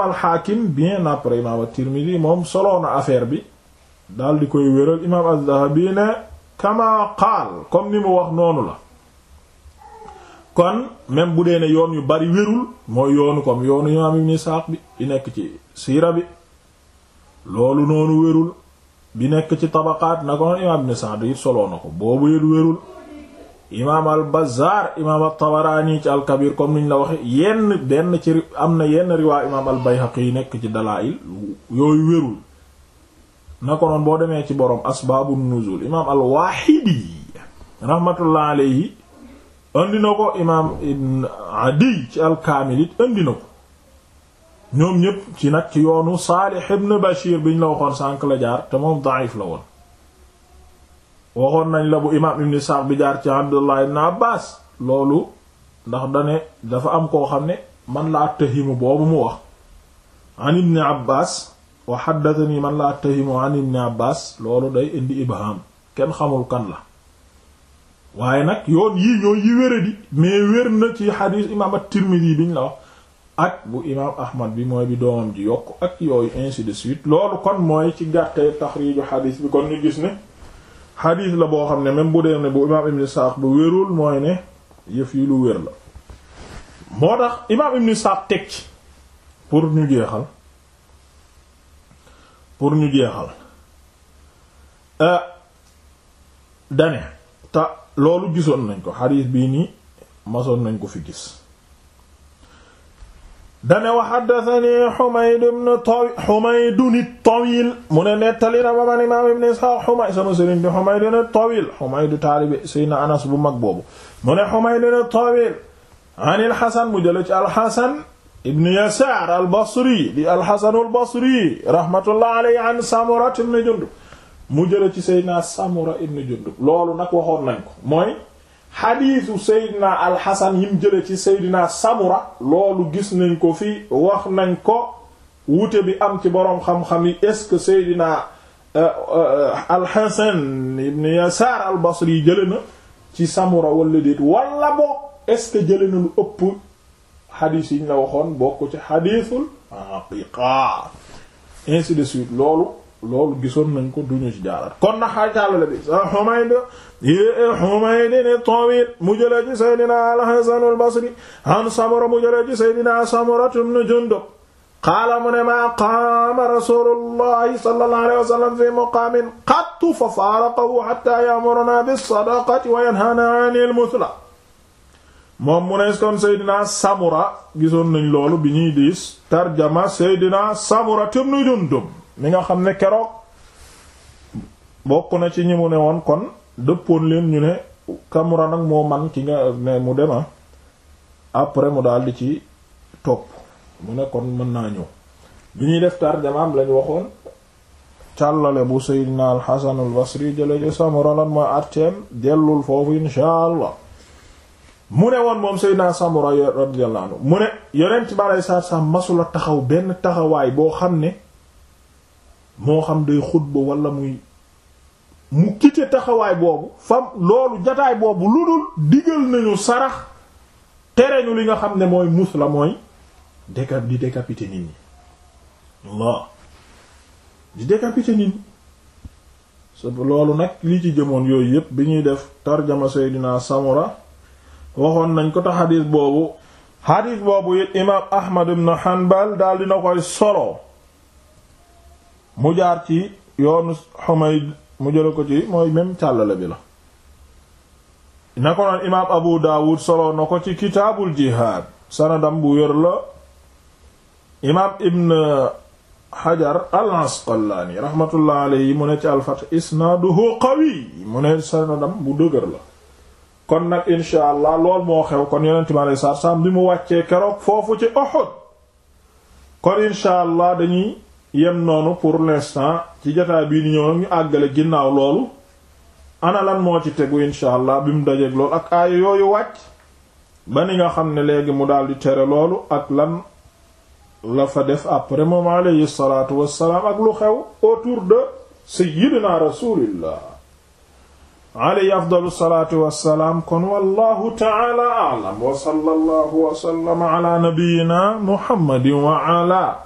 alxaakim bien après imaam at moom soloona na affaire bi daal di koy wéral imaam az-Zahabi ne kama qaal comme ni mu wax noonu la kon même bu dee ne yoon yu bari wérul mooy yoonu comme yoonu imaam ibn Isaaq bi di nekk ci siira bi loolu noonu wérul bi nekk ci tabaqaat na ko noonu imaam ibn Sa'd it ko boobu yit wérul imaam al Bazzaar imaam al Tabaraani ci al Kabir comme niñ la waxe yenn benn ci am na yenn riwaa imaam al Bayhaqi nekk ci dalaa'il yooyu wérul na ko noonu boo demee ci borom asbaabu nuzul imaam al Waahidi rahmatullah alayhi andi na ko imaam ibn Adiy ci al Kaamil it na ko ñoom ñépp ci nag ci yoonu Saalih ibn Bashir biñ la waxoon sànk la jaar te moom da'if la woon waxoon nañ la bu imaam ibn Sa'd bi jaar ci Abdullah ibn Abbas loolu ndax dane dafa am koo xam ne man la attahimu boobu mu wax an ibn Abbas wa man la attahimu an ibn Abbas loolu day indi ibham kenn xamul kan la waaye nag yoon yii ñooy yi wéradi mais wér na ci xadiis imaam at-Tirmidhi biñ la wax ak bu imaam ahmad bi mooy bi doomam ji yokk ak yooyu ainsi de suite loolu kon mooy ci gàttee taxriiju xadiis bi kon ñu gis ne xadiis la boo xam ne même bu dee ne bu imaam ibn Isaaq bu wérul mooy ne yëf yi lu wér la moo tax imaam ibn Isaaq teg ci pour ñu jeexal pour ñu jeexal euh, dane te loolu gisoon nañ ko xadiis bii nii masoon nañ ko fi gis dane wa xaddatani Humayd ibn Tawil Humayd ibn Tawil mu ne nettali na ba man imaam ibn Isxaaq Humayd sama sëriñ bi Humayd ibn Tawil Humayd taalibi Seydina Anas bu mag boobu mu ne Humayd ibn Tawil an al-Hasan mu jële ci al-Hasan ibn Yasaar al-Basri di al-Hasan al-Basri rahmatullah alayhi an Samura ibn Jundub mu jële ci Seydina Samura ibn Jundub loolu nag waxoon nañ ko mooy xadiisu seydina alxasan yim jële ci seydina samura loolu gis nañ ko fii wax nañ ko wuute bi am ci boroom xam-xam yi est-ce que seydina euh, euh, alxasan ibn yasaar albasri jële na ci samura wala déet wala boo est-ce que jële na lu ëpp xadiis yi loolu loolu gisoon ko duñu ci jaarat kon na xaajaalale bi sa Humayd yée Humaydin tawil mu jëlee ci Seydina al-Hasan al-Basri an Samura mu jëlee Seydina Samura ibn Jundub qaala mu maa qaama rasuulullahi sallallahu alayhi wa fi muqaamin qattu fa faaraqahu hattaa ya'murunaa bis-sadaqati wa yanhaanaa 'anil musla moom mu kon Seydina Samura gisoon loolu bi ñuy diis tarjama Seydina Samura ibn Jundub mi nga xam ne keroog bokk na ci ñi mu kon dëppoon leen ñu ne Camara nag moo man ci nga ne mu dema ah. après mu daal di ci topp mu ne kon mën naa ñëw bi ñuy def tarjamaam lañ waxoon càllale bu Seydina al-Hasan al-Basri jële ci Samura lan mooy arteem dellul foofu insha allah mu ne woon moom Seydina Samura radiyallahu anhu mu ne yonent bi alei satu salaam masula taxaw benn taxawaay boo xam ne moo xam day xutba wala muy mu kite taxawaay boobu fam loolu jataay boobu lu dul digal nañu sarax tere ñu li nga xam ne mooy mus la mooy décap di décapité nit ñi nit ñi su loolu nag li ci jëmoon yooyu yépp bi ñuy def tarjama Seydina Samura waxoon nañ ko tax xadiis boobu xadiis boobu it imaam Ahmad ibn Hanbal daal dina koy solo mu jaar ci yoonu Humayd mu jëla ko ci mooy même càllale bi la na ko noon imaam abu daawud solo na ko ci kitaabul jihaad sanadam bu wér la imaam ibn xajar al asqalaani raxmatullah alayhi mu ne ci alfath isnaaduhu qawi mu ne sanadam bu dëgër la kon nag insha allah lool moo xew kon yonent mi aleyhi salaatu bi mu wàccee keroog foofu ci Uhud kon insha allah dañuy yem noonu pour l'instant ci jotaay bii di ñëw ñu àggale ginnaaw loolu ana lan moo ci tegu incha allah bi mu dajeeg loolu ak aaya yooyu wàcc ba ni nga xam ne léegi mu daal di tere loolu ak lan la fa def après moom alayhi salaatu wassalaam ak lu xew autour de sayyidina rasulillah alayhi afdalu salaatu wassalaam kon wallahu ta'ala a'lam wa sallallahu wa sallama ala nabiyyina wa ala